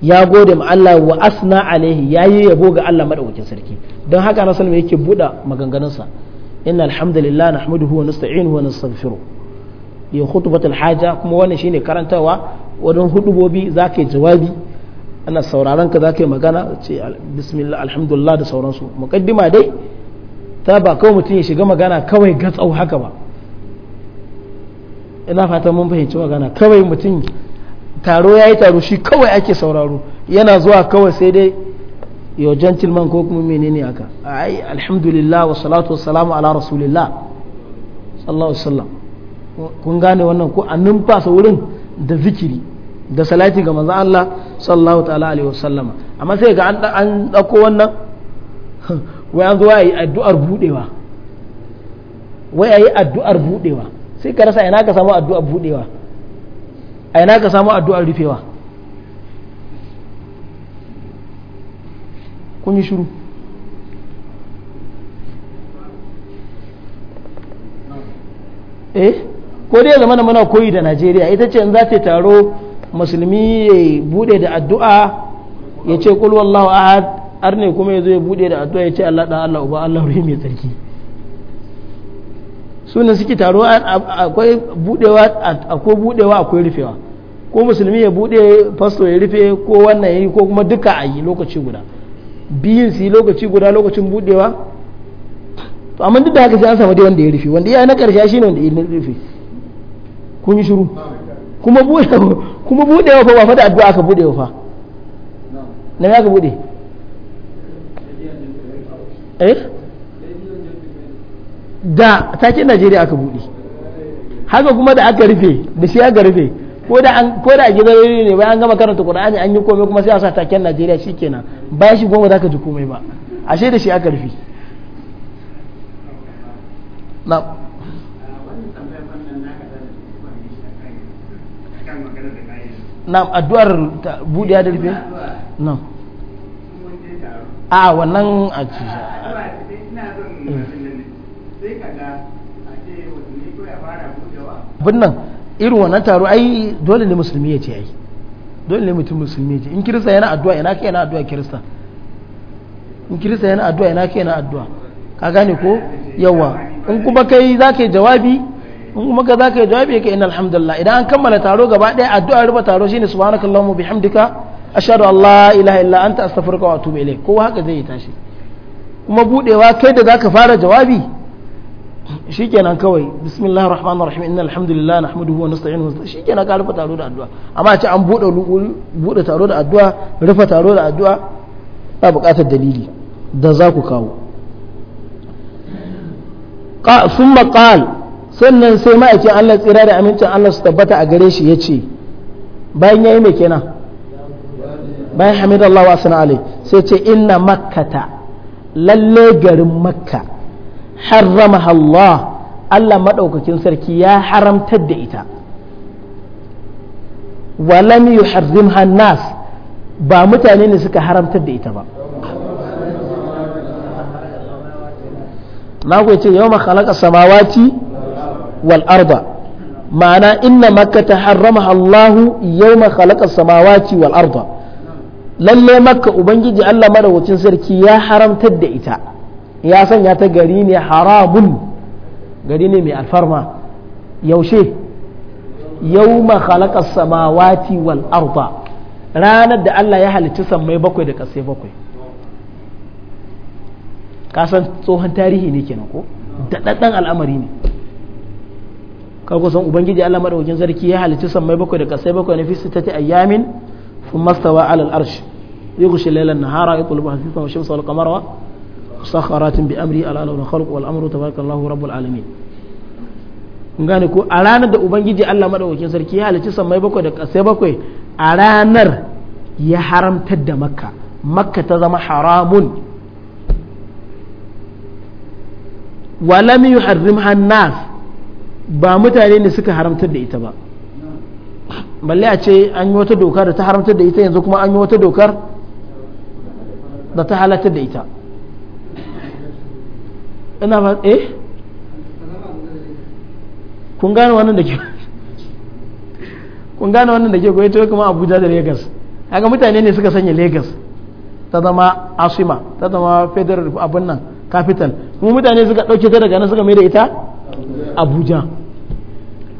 ya gode ma Allah wa asna alaihi ya yi yabo ga Allah madaukakin sarki don haka na salma yake buɗa maganganunsa inna alhamdulillah nahmaduhu wa nasta'inuhu wa nastaghfiru ya khutbatul haja kuma wannan shine karantawa wajen hudubobi zaka yi jawabi ana sauraron ka zaka yi magana ce bismillah alhamdulillah da sauransu muqaddima dai ta ba kawai mutum ya shiga magana kawai gatsau haka ba ina fatan mun fahimci magana kawai mutum taro ya yi taro shi kawai ake sauraro yana zuwa kawai sai dai yau gentleman ko kuma menene aka ai alhamdulillah wa salatu wassalamu ala rasulillah sallallahu alaihi wasallam kun gane wannan ko a fasa wurin da zikiri da salati ga manzon Allah sallallahu ta'ala alaihi wasallam amma sai ga an an dauko wannan wai an zo yi addu'ar budewa wai yi addu'ar budewa sai ka rasa ina ka samu addu'ar budewa a ina ka samu addu'ar rufewa kun yi shiru eh ko dai zama na mana koyi da najeriya ita ce in za ta taro musulmi ya bude da addu'a ya ce kul wallahu ahad arne kuma ya zo ya bude da addu'a ya ce Allah da Allah uba Allah ruhi mai tsarki sunan suke taro akwai budewa akwai budewa akwai rufewa ko musulmi ya bude fasto ya rufe ko wannan yi ko kuma duka a yi lokaci guda biyun su yi lokaci guda lokacin budewa to amma duk da haka sai an samu dai wanda ya rufe wanda ya na karshe shine wanda ya rufe kun yi shiru kuma kuma budewa fa ba fa addu'a ka bude wa fa na ya ka bude eh da takin Najeriya aka bude haka kuma da aka rufe da shi aka rufe ko da an ko da gidan rediyo ne bayan an gama karanta Qur'ani an yi komai kuma sai a sa taken Najeriya shikenan bayan shi goma zaka ji komai ba ashe da shi aka rufe na addu'ar bude ya dalibe? na a ah, wannan a ci abin nan irin wannan taro ai dole ne musulmi ya ce ai dole ne mutum musulmi ya ce in kirista yana addu'a yana kai yana addu'a kirista in kirista yana addu'a yana kai yana addu'a ka gane ko yawa in kuma kai za ka yi jawabi in kuma ka zaka yi jawabi ka inna alhamdulillah idan an kammala taro gaba ɗaya addu'a rufe taro shine subhanakallahumma bihamdika ashhadu an la ilaha illa anta astaghfiruka wa atubu ilayk kowa haka zai yi tashi kuma budewa kai da zaka fara jawabi shikenan kawai bismillahir rahmanir rahim innal hamdulillah nahmaduhu wa nasta'inuhu shikenan ka rufe taro da addu'a amma ce an bude bude taro da addu'a rufe taro da addu'a ba buƙatar dalili da za ku kawo ثم قال sannan sai ma'aikin Allah tsira da amincin Allah su tabbata a gare shi ya ce bayan ya yi mai kenan bayan hamid Allah wa sana alai sai ce inna makkata lalle garin makka harrama Allah Allah maɗaukakin sarki ya haramtar da ita walam yuharrimha nas ba mutane ne suka haramtar da ita ba na ce yau ma samawati wal arda ma'ana inna makka ta harrama Allahu yawma khalaqa samawati wal arda lalle makka ubangiji Allah madawacin sarki ya haramtar da ita ya sanya ta gari ne haramun gari ne mai alfarma yaushe yawma khalaqa samawati wal arda ranar da Allah ya halicci sammai bakwai da ƙasai bakwai kasan tsohon tarihi ne kenan ko daɗaɗɗen al'amari ne kar kusan ubangiji Allah madaukakin sarki ya halitta sammai bakwai da kasai bakwai na fi sittati ayyamin thumma stawa ala al-arsh yughshi al-layla an-nahara yatlubu hasifan wa shamsa wal qamara musakharatin bi amri ala lahu al-khalq wal amru tabarakallahu rabbul alamin kun gane ko a ranar da ubangiji Allah madaukakin sarki ya halitta sammai bakwai da kasai bakwai a ranar ya haramtar da makka makka ta zama haramun ولم يحرمها الناس ba mutane ne suka haramtar da ita ba balle a ce an yi wata doka da ta haramtar da ita yanzu kuma an yi wata dokar da ta halatar da ita ina ba eh kun gane wannan da ke kun gane wannan da ke koyi to kuma Abuja da Lagos haka mutane ne suka sanya Lagos ta zama asima ta zama federal abin nan capital kuma mutane suka dauke ta daga nan suka mai da ita Abuja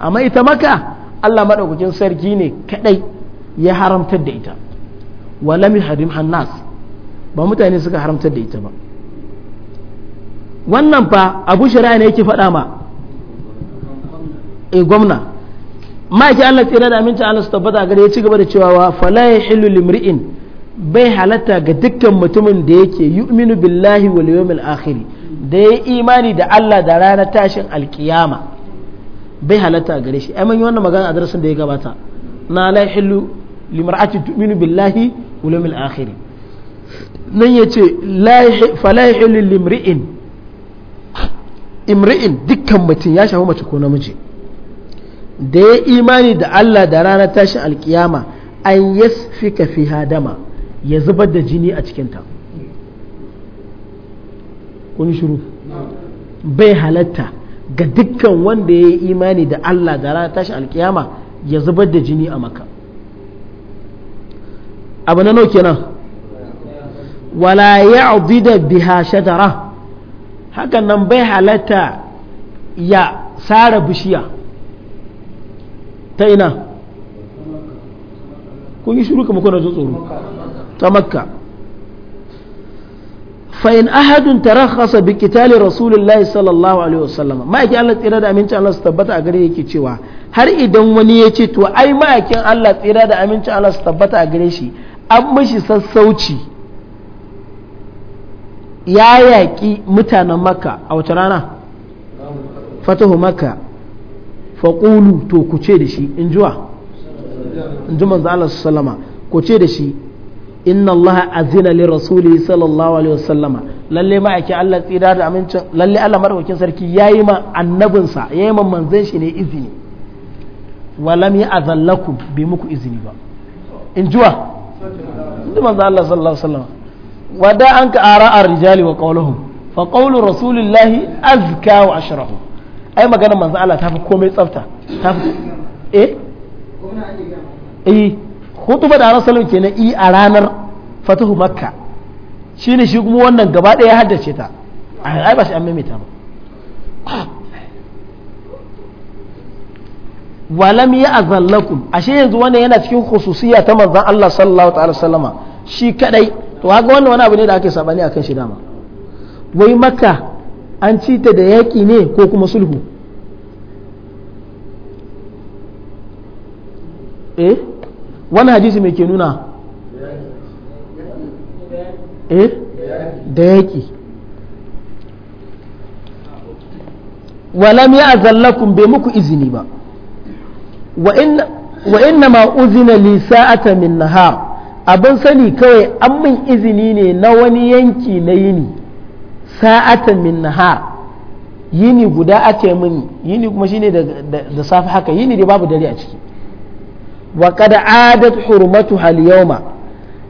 amma ita maka Allah maɗaukacin sarki ne kaɗai ya haramtar da ita walami harim hannas ba mutane suka haramtar da ita ba wannan fa abu shari'a ne yake faɗa ma e gwamna ma'aikin Allah tsira da aminci Allah su tabbata gare ya ci gaba da cewa wa fala hilu limri'in bai halatta ga dukkan mutumin da yake yu'minu billahi wal yawmil akhir da ya imani da Allah da ranar tashin alkiyama bai halatta a gare shi ai yi wannan magana a darasin da ya gabata na la yahillu limar'ati tu'minu billahi wal yawmil akhir nan yace la fala limri'in imri'in dukkan mutum ya shafi mace ko namiji da ya imani da Allah da ranar tashin alkiyama an yasfika fi hadama ya zubar da jini a cikin ta kun shiru bai halatta ga dukkan wanda ya yi imani da Allah da ranar tashi alkiyama ya zubar da jini a maka abu na nauke nan wala ya da biha shajara hakan nan bai halatta ya sara bishiya ta ina kun yi shuru kamar kuna jin tsoro ta makka fa'in ahadun tarakhasa bi kitali rasulullahi sallallahu alaihi ma'aikin Allah tsira da aminci Allah tabbata a gare yake cewa har idan wani ya ce to ai ma'aikin Allah tsira da aminci Allah tabbata a gare shi an mishi sassauci ya yaƙi mutanen makka a wace rana fatahu makka faƙulu to ku ce da shi in jiwa in ji manzo Allah sallama ku ce da shi inna Allah azina li rasuli sallallahu alaihi wasallama lalle ma ake Allah tsira da amincin lalle Allah madaukakin sarki yayi ma annabinsa yayi ma manzon shi ne izini walam ya azallakum bi muku izini ba in juwa inda manzo Allah sallallahu alaihi wasallam wada an ka ara ar-rijali wa qawluhum fa qawlu rasulillahi azka wa ashrahu ai magana manzo Allah ta fi komai tsafta tafi eh eh hutuba da ke na i a ranar fatuhu makka shine shi kuma wannan gaba ɗaya ya haddace ta ai ba shi an maimaita ba walam ya azallakum ashe yanzu wannan yana cikin khususiyya ta manzon Allah sallallahu ta'ala sallama shi kadai to haka wannan wani abu ne da ake sabani akan shi dama wai makka an ci ta da yaƙi ne ko kuma sulhu eh wani hadisi mai ke nuna eh? da yaƙi walam ya azallakun bai muku izini ba wa inna ma uzina li sa'ata min nahar abin sani kawai an min izini ne na wani yanki na yini sa'ata min nahar yini guda ake min yini kuma shine da safe haka yini dai babu dare a ciki wa qad adat hurmatuha al-yawma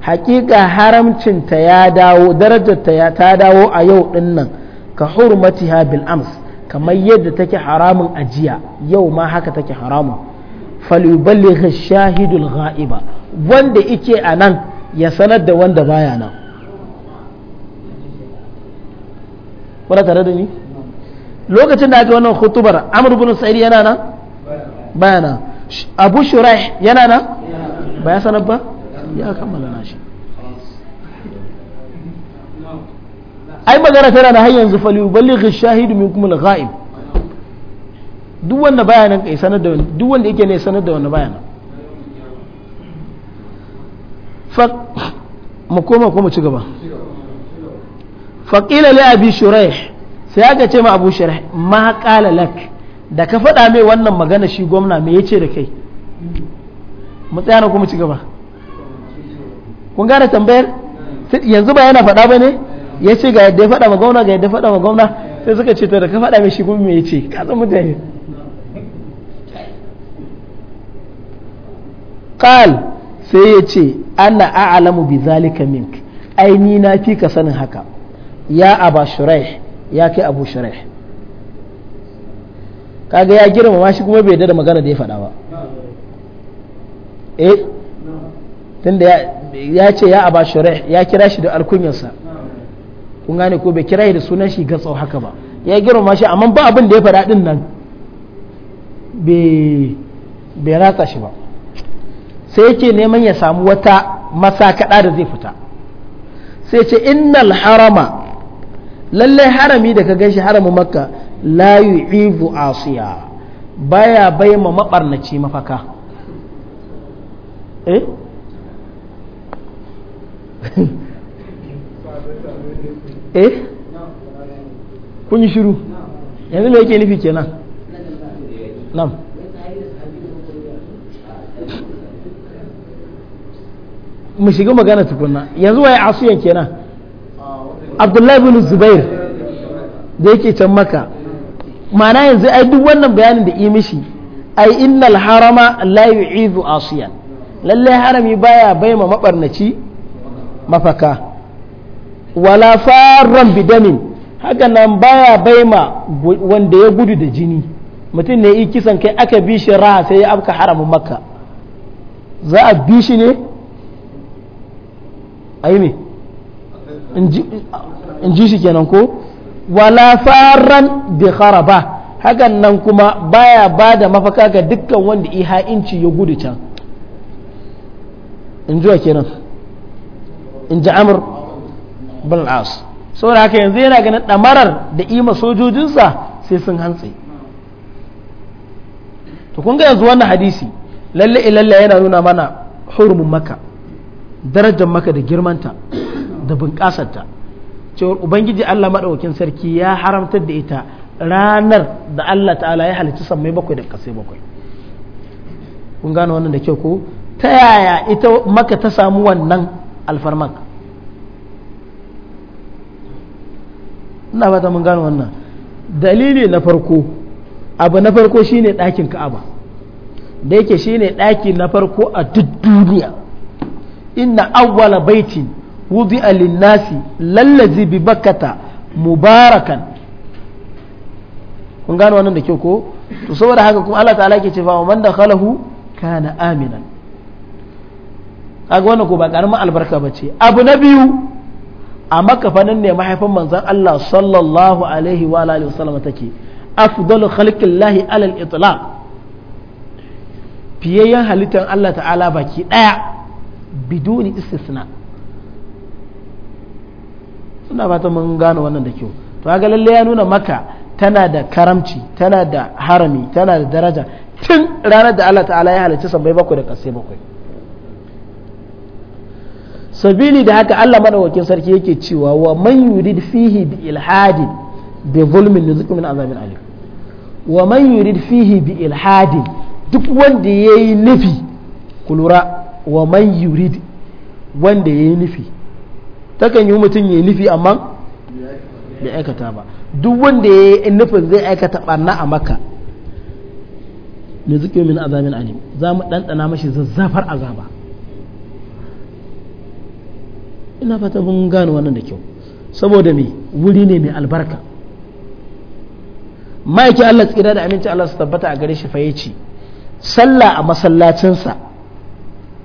haƙiƙa ta ya dawo darajarta ya ta dawo a yau ɗin nan ka hurmatiha bil ams kamar yadda take haramun ajiya yau ma haka take haramun faluballigh shahidul ghaiba wanda yake a nan ya sanar da wanda baya nan kuna da ni lokacin da ake wannan hutubar amr ibn sa'id yana nan abu shuraih yana nan ba ya sanar ba ya kammala nashi ai magana tana da har yanzu fali uballighi shahidu minkum al-ghaib duk wanda baya nan kai sanar da duk wanda yake ne sanar da wanda baya nan fa mu koma ko mu ci gaba fa qila li abi shuraih sai aka ce ma abu shuraih ma qala lak da ka faɗa mai wannan magana shi gwamna me ya ce da kai na kuma ci gaba kun gane tambayar yanzu ba yana faɗa ba ne ya ce ga yadda ya faɗa ma gwamna ga yadda ya faɗa ma gwamna sai suka ce to da ka faɗa mai shi kuma mai ya ce ka san mutane qal sai ya ce ana a'lamu bi zalika mink aini na fi ka sanin haka ya aba ya kai abu kaga ya girmama shi kuma bai da magana da ya faɗa ba eh da ya ce ya aba ya kira shi da alkunyarsa kun gane ko bai kira shi da sunan shi gatsau haka ba ya girmama shi amma ba abin da ya faɗa din nan bai ratsa shi ba sai yake neman ya samu wata masa masakaɗa da zai fita sai ce innal harama lallai harami da ka gan shi haramin makka la yu'ibu asiya baya bai ma mabarnaci mafaka eh eh kun yi shiru yanzu me yake nufi kenan nam mu shiga magana tukunna yanzu waye asiyan kenan abdullahi bin zubair da yake can maka mana yanzu ai duk wannan bayanin da yi mishi ai innal harama la yu'idu asiyan lalle harami baya bai ma mabarnaci mafaka wala farran bidamin haka nan baya bai ma wanda ya gudu da jini mutum ne yi kisan kai aka bi shi raha sai ya afka haramin makka za a bi shi ne ne in ji shi kenan ko wala faran bi kharaba hakan nan kuma baya bada mafaka ga dukkan wanda iha inci ya gudu can in jiwa kenan in ji amur bin as saboda haka yanzu yana ganin ɗamarar da ima sojojinsa sai sun hantsi. to kun ga yanzu wannan hadisi lalle lalle yana nuna mana hurumin maka darajar maka da girmanta da bunƙasarta cewar ubangiji Allah maɗaukin sarki ya haramtar da ita ranar da Allah ta'ala ya halicci sammai bakwai da kasai bakwai kun gano wannan da kyau ko ta yaya ita maka ta samu wannan alfarman ina fata mun gano wannan dalili na farko abu na farko shine ɗakin ka'aba da yake shine ɗaki na farko a duk duniya inna awwala baitin wudi'a lin-nasi lallazi bi mubarakan kun gano wannan da kyau ko to saboda haka kuma Allah ta'ala ke cewa man dakhalahu kana aminan kaga wannan ko ba karamin albarka bace abu na biyu a makafanin ne mahaifin manzon Allah sallallahu alaihi wa alihi wasallam take afdalu khalqillahi alal itlaq fiyayyen halittar Allah ta'ala baki daya biduni istisna suna fata mun gano wannan da kyau to ga lalle ya nuna maka tana da karamci tana da harami tana da daraja tun ranar da Allah ta'ala ya halarci sabai bakwai da kasai bakwai sabili da haka Allah madawakin sarki yake cewa wa man yurid fihi bi ilhadi bi zulmin yuzku min azabin alim wa man yurid fihi bi ilhadi duk wanda yayi nufi kulura wa man yurid wanda yayi nufi takan yi mutum ya nufi amma bai aikata ba duk wanda ya yi nufin zai aikata barna a maka nuzuki min azamin alim za mu ɗanɗana mashi zazzafar azaba ina fata mun gano wannan da kyau saboda me wuri ne mai albarka ma'aikin Allah tsira da aminci Allah su tabbata a gare shi fa yace sallah a masallacinsa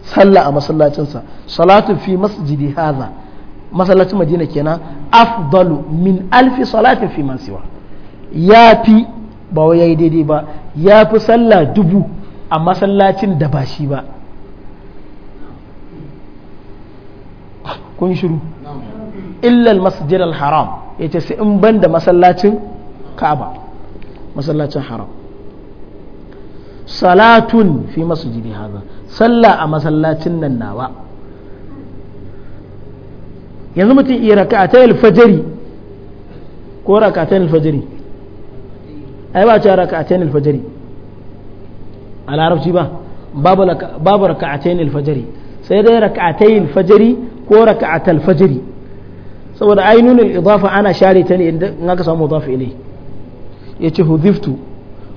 sallah a masallacinsa salatu fi masjidi haza masallacin madina kenan afdalu min alfi salatin fi man siwa ya fi ba wai ya yi daidai ba ya fi sallah dubu a masallacin da ba shi ba kun shiru illal masjid al-haram ya ce sai in ban da masallacin ka'aba masallacin haram salatun fi masjidi haza sallah a masallacin nan nawa yanzu mutum iya raka'atai alfajari ko raka'atai alfajari ai ba ce raka'atai alfajari a larabci ba babu raka'atai alfajari sai dai raka'atai alfajari ko raka'atai alfajari saboda ai nuna idafa ana share ta ne in aka samu idafa ilai ya ce hudiftu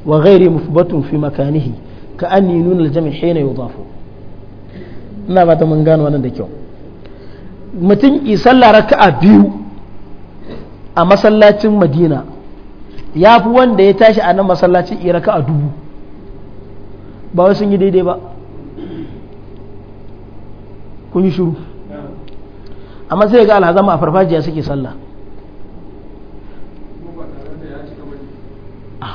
wa ghairi mufbatun fi makanihi ka anni nuna aljami hina yudafu ina ba ta mun gano wannan da kyau mutum isalla a biyu a masallacin madina ya fi wanda ya tashi a nan masallacin iya a dubu ba wasu sun yi daidai ba kun yi shuru amma sai ga alhazama a farfajiya suke sallah ah.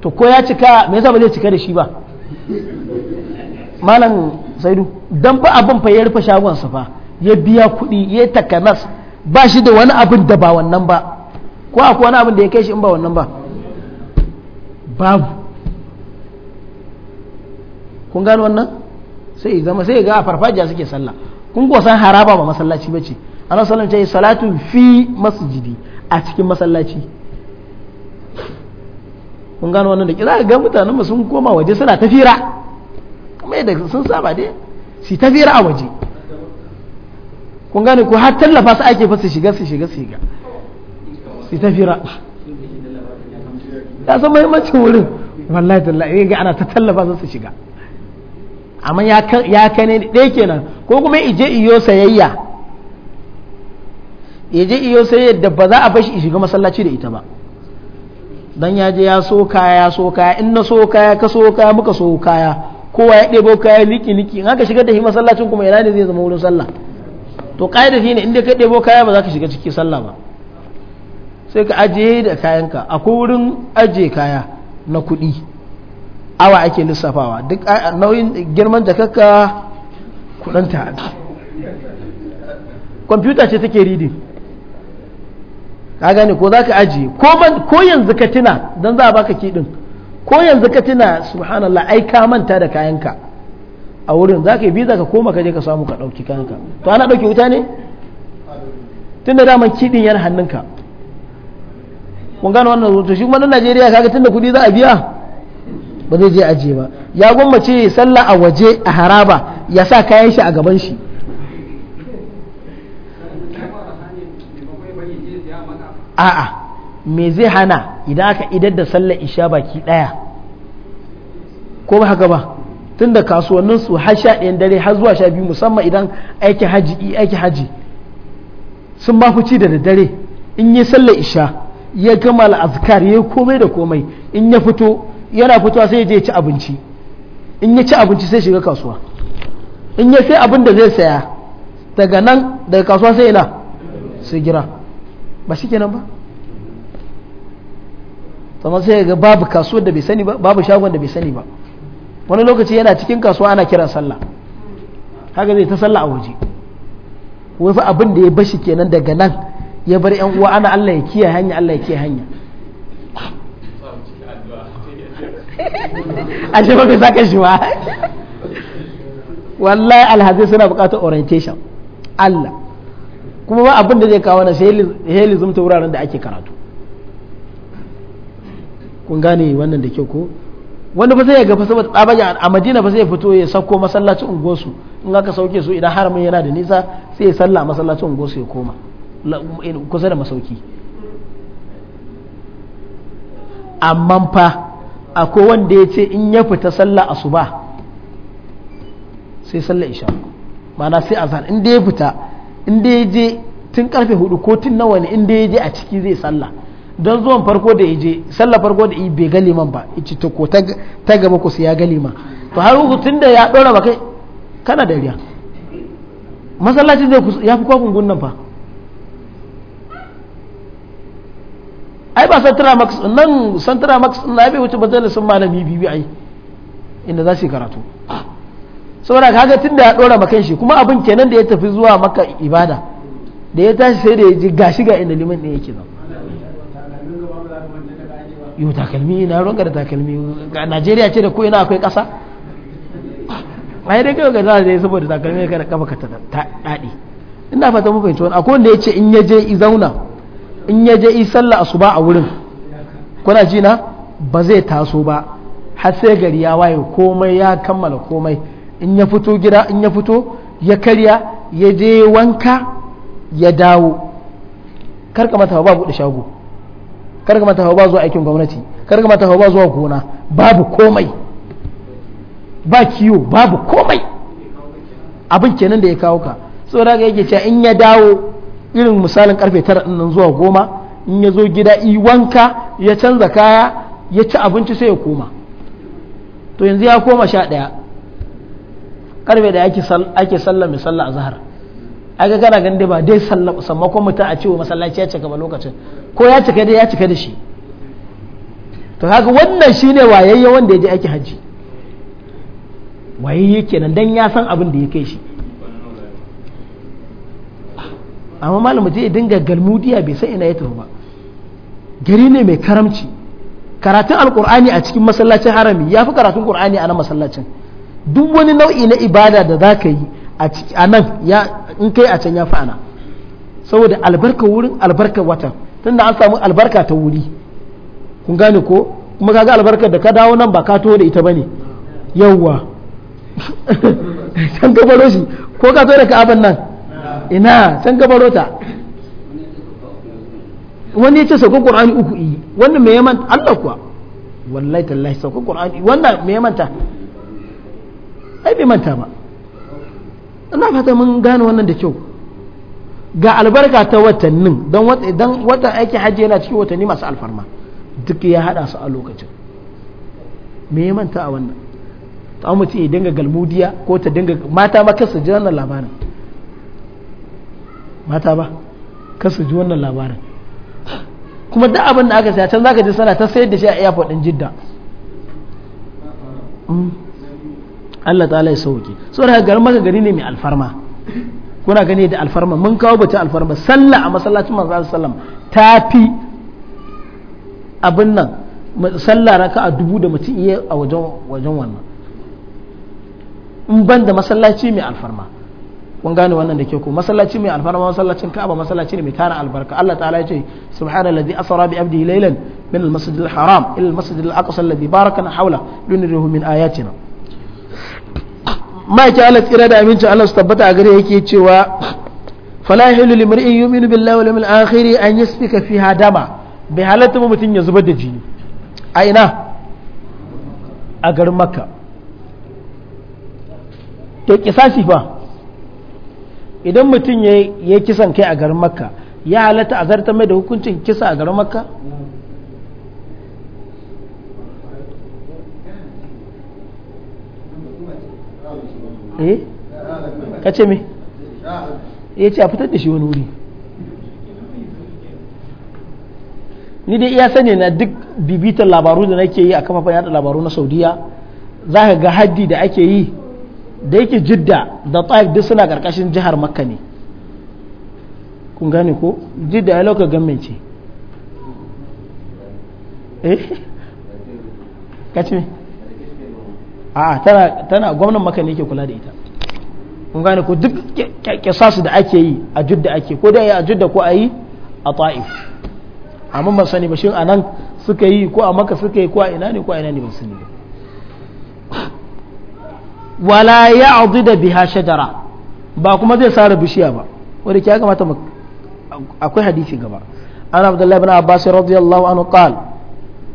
to ko ya cika me yasa ba zai cika da shi ba malam saidu dan fa abin fa ya rufe shagonsa fa ya biya kuɗi ya takanas ba shi da wani abin da ba wannan ba ko akwai wani abin da ya kai shi in ba wannan ba babu kun gano wannan sai zama sai ga a farfajiya suke sallah kun ko san haraba ba masallaci bace ana sallan ce salatu fi masjidi a cikin masallaci kun gano wannan da kira ga mutanen mu sun koma waje suna tafira mai da sun saba dai shi ta fira a waje kun gane ko har tallafa su ake fasa su shiga su shiga su shiga su ta fira ya san mahimmancin wurin wallahi ya eh, ga ana ta tallafa su shiga amma ya kane ɗaya kenan ko kuma ije iyo sayayya ije iyo sayayya da ba za a bashi shiga masallaci da ita ba dan ya je ya so kaya ya so kaya in na so kaya ka so kaya muka so kaya kowa ya ɗebo kaya liki liki in haka shigar da shi masallacin kuma ina ne zai zama wurin sallah to ƙa'ida shi ne inda ka ɗebo kaya ba za ka shiga ciki sallah ba sai ka ajiye da kayanka ko wurin ajiye kaya na kuɗi awa ake lissafawa duk nauyin girman jakakka kuɗanta kwamfuta ce take reading ka gane ko za ka ajiye ko yanzu ka tuna don za a baka kiɗin ko yanzu ka tuna subhanallah ai ka manta da kayanka a wurin za ka yi biza ka koma ka je ka samu ka ɗauki kayanka to ana ɗauki wuta ne tun da daman kiɗin yan hannunka kun gano wannan to shi kuma na najeriya kaga tun da kuɗi za a biya ba zai je ajiye ba ya gwammace sallah a waje a haraba ya sa kayan shi a gaban shi a'a me zai hana idan aka idar da sallar isha baki daya ko ba haka ba tun da kasuwannin har sha ɗayan dare har zuwa sha biyu musamman idan aiki haji i aiki haji sun ba ci da daddare in yi sallar isha ya gama al'azkar ya komai da komai in ya fito yana fitowa sai ya je ci abinci in ya ci abinci sai shiga kasuwa in ya sai abin da zai saya daga nan daga kasuwa sai ina sai gira ba shi kenan ba sama sai ga babu kasuwar da bai sani ba babu shagon da bai sani ba wani lokaci yana cikin kasuwa ana kiran sallah haka zai ta sallah a waje wai fa abin da ya bashi kenan daga nan ya bar yan uwa ana Allah ya kiyaye hanya Allah ya kiyaye hanya a ce ba ka saka shi ba wallahi alhazi suna bukatar orientation Allah kuma ba abin da zai kawo na sai ya ta wuraren da ake karatu kun gane wannan da kyau ko wanda ba zai ga fa saboda tsabagen a madina ba zai fito ya sako masallacin ungosu in aka sauke su idan haramun yana da nisa sai ya salla masallacin ungosu ya koma kusa da masauki amma fa akwai wanda ya ce in ya fita sallah asuba sai sallah isha mana sai azan in da ya fita in da ya je tun karfe hudu ko tun nawa ne in da ya je a ciki zai sallah don zuwan farko da ije sallah farko da bai ga liman ba ice ta ko ta gaba ku ya ga liman to har uku da ya dora bakai kana da riya masallacin zai ya fi kofin gunnan fa ai ba santara max nan santara max na bai wuce bazalin sun malami bibi ai inda za su karatu saboda kaga da ya dora makan shi kuma abin kenan da ya tafi zuwa maka ibada da ya tashi sai da ya ji gashi ga inda liman ne yake zama yau takalmi na ruwan da takalmi ga najeriya ce da ko ina akwai ƙasa a yi daga za a saboda takalmi ka da kafa ka ta ina fata mu fahimci wani akwai wanda ya ce in ya je i zauna in ya je i sallah asuba a wurin kuna ji na ba zai taso ba har sai gari ya waye komai ya kammala komai in ya fito gida in ya fito ya karya ya je wanka ya dawo karka mata ba buɗe shago kar ka mata ba zuwa aikin gwamnati kar ka mata ba zuwa gona babu komai ba kiyo babu komai abin kenan da ya kawo ka saboda ga yake cewa in ya dawo irin misalin karfe tara nan zuwa goma in ya zo gida i wanka ya canza kaya ya ci abinci sai ya koma to yanzu ya koma sha ɗaya karfe da ake sallah mai sallah a zahar aga kana ganin da ba dai sammakon mutum a cewa masallaci ya cika ba lokacin ko ya cika dai ya cika da shi to haka wannan shine wayayye wanda ya je aikin hajji wayayye kenan dan ya san abin da ya kai shi amma malamu je dinga galmudiya bai san ina ya tafi ba gari ne mai karamci karatun alkur'ani a cikin masallacin harami ya fi karatun qur'ani a nan masallacin duk wani nau'i na ibada da za ka yi a nan ya in kai a can ya fa'ana saboda albarka wurin albarka watan tunda an samu albarka ta wuri kun gane ko kuma ga albarkar da ka dawo nan ba ka to da ita ba yauwa yawwa san gabaro shi ko ka to da abin nan ina san gabaro ta wani ya ce sauƙin ƙur'ani uku yi wannan mai yaman Allah kuwa wallahi tallahi sauƙin ƙur'ani wannan mai ta ai bai manta ba ina fata mun gane wannan da kyau ga albarka ta watannin don wata aiki hajji yana cikin watanni masu alfarma duk ya hada su a lokacin me ya manta a wannan ta mutum ya dinga galmudiya ko ta dinga mata ba kasu ji wannan labarin mata ba kasu ji wannan labarin kuma duk abin da aka saya can zaka ji sana ta sayar da shi a airport din jidda hmm. Allah ta'ala ya sauke da garin maka gari ne mai alfarma kuna gani da alfarma mun kawo bata alfarma sallah a masallacin manzo sallallahu sallam ta fi abin nan sallah raka a dubu da mutum iya a wajen wajen wannan in ban da masallaci mai alfarma kun gane wannan da ke ku masallaci mai alfarma masallacin Ka'aba masallaci ne mai tara albarka Allah ta'ala ya ce subhanallazi asra bi abdi laylan min al-masjidil haram ila al-masjidil aqsa alladhi barakana hawla lunurihu min ayatina ma'aikin Allah tsira da aminci Allah su tabbata a gare yake cewa fala hilu limri'in yu'minu billahi wal yawmil akhir an yasfika fi hadama bi halatu mutun ya zubar da jini a ina a garin makka to kisasi fa idan mutum ya kisan kai a garin makka ya halatta a zartar mai da hukuncin kisa a garin makka eh ka ce me ya eh, ce a fitar da shi wani wuri ni dai iya sani na duk bibitar labaru da nake yi a kafafen yada labaru na saudiya za ka ga haddi da ake yi da yake jidda da tsayar duk suna karkashin jihar makka ne kun gane ko jidda ya lauka gamin ce eh ka ce a'a tana tana gwamnan maka ne ke kula da ita kun gane ko duk kisasu da ake yi a judda ake ko dai a judda ko a yi a ta'if amma ban sani ba shin anan suka yi ko a maka suka yi ko a ina ne ko a ina ne ban sani ba wala ya'dhu da biha shajara ba kuma zai sare bishiya ba wanda ke ya kamata akwai hadisi gaba an abdullahi ibn abbas radiyallahu anhu qala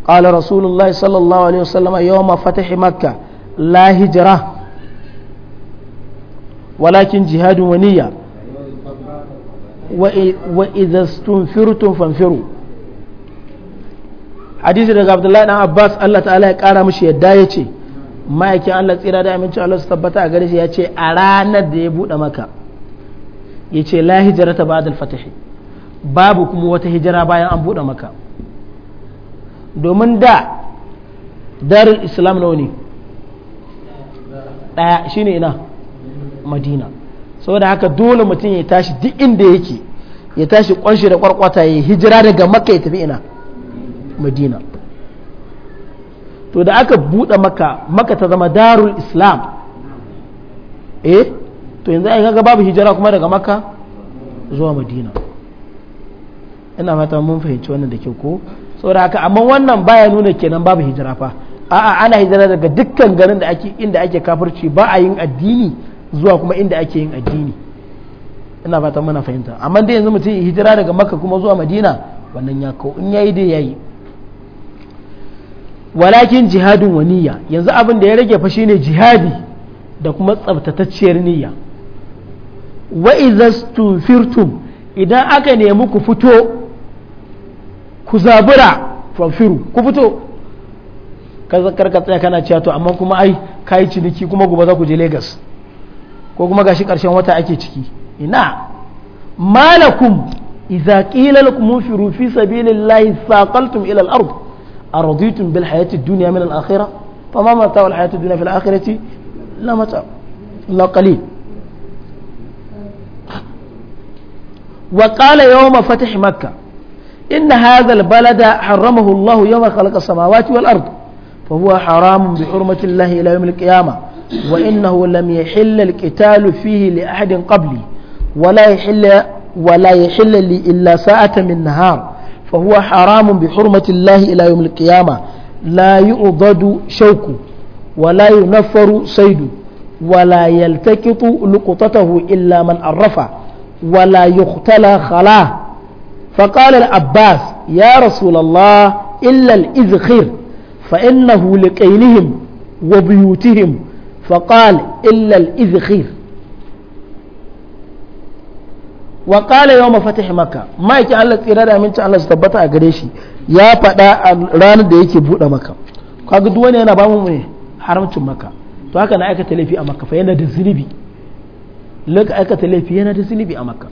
qala rasulullahi sallallahu alaihi wasallam yawma fatahi makkah la walakin jihadu waniya wa idastun firtun fanfiru hadisi daga abdullahi dan abbas allah ta'ala ya kara mishi yadda ya ce ma'aikin allah tsira da amincin allah su tabbata a gare shi ya ce a ranar da ya buɗe maka ya ce ta ba'ad al-fatahi babu kuma wata hijara bayan an buɗe maka domin da darul islam nawa ne ɗaya shine ina madina da haka dole mutum ya tashi duk inda yake ya tashi kwanshi da kwarkwata ya hijira daga makka ya tafi ina madina to da aka buɗe maka maka ta zama darul islam eh to yanzu ai kaga babu hijira kuma daga maka zuwa madina ina fata mun fahimci wannan da kyau ko saboda haka amma wannan baya nuna kenan babu hijira fa a'a ana hijira daga dukkan garin da ake inda ake kafirci ba a yin addini zuwa kuma inda ake yin addini ina fatan muna fahimta amma dai yanzu mutum hijira daga makka kuma zuwa madina wannan ya kawo in yayi dai yayi walakin jihadin waniya yanzu abin da ya rage fa shine jihadi da kuma tsabtatacciyar niyya wa firtum idan aka nemi ku fito ku zabura firu ku fito kar ka tsaya kana cewa to amma kuma ai kai ciniki kuma gobe za ku je Lagos ko kuma gashi karshen wata ake ciki ina malakum idza qila lakum infiru fi sabilillahi saqaltum ila al-ard araditum bil hayati ad-dunya min al-akhirah fama mata'u al-hayati ad-dunya fil akhirati la mata la qalil وقال يوم فتح مكة إن هذا البلد حرمه الله يوم خلق السماوات والأرض فهو حرام بحرمة الله إلى يوم القيامة وإنه لم يحل القتال فيه لأحد قبلي ولا يحل ولا يحل لي إلا ساعة من نهار فهو حرام بحرمة الله إلى يوم القيامة لا يؤضد شوك ولا ينفر صيد ولا يلتقط لقطته إلا من عرفه ولا يختلى خلاه فقال العباس يا رسول الله إلا الإذخير فإنه لقيلهم وبيوتهم فقال إلا الإذخير وقال يوم فتح مكة ما يكي الله إرادة من الله ستبتع قريشي يا فدا ranar da yake buɗe maka kaga duk wani yana ba mu ne haramcin maka to haka na aikata laifi a maka fa yana da zunubi laka aikata laifi yana da zunubi a maka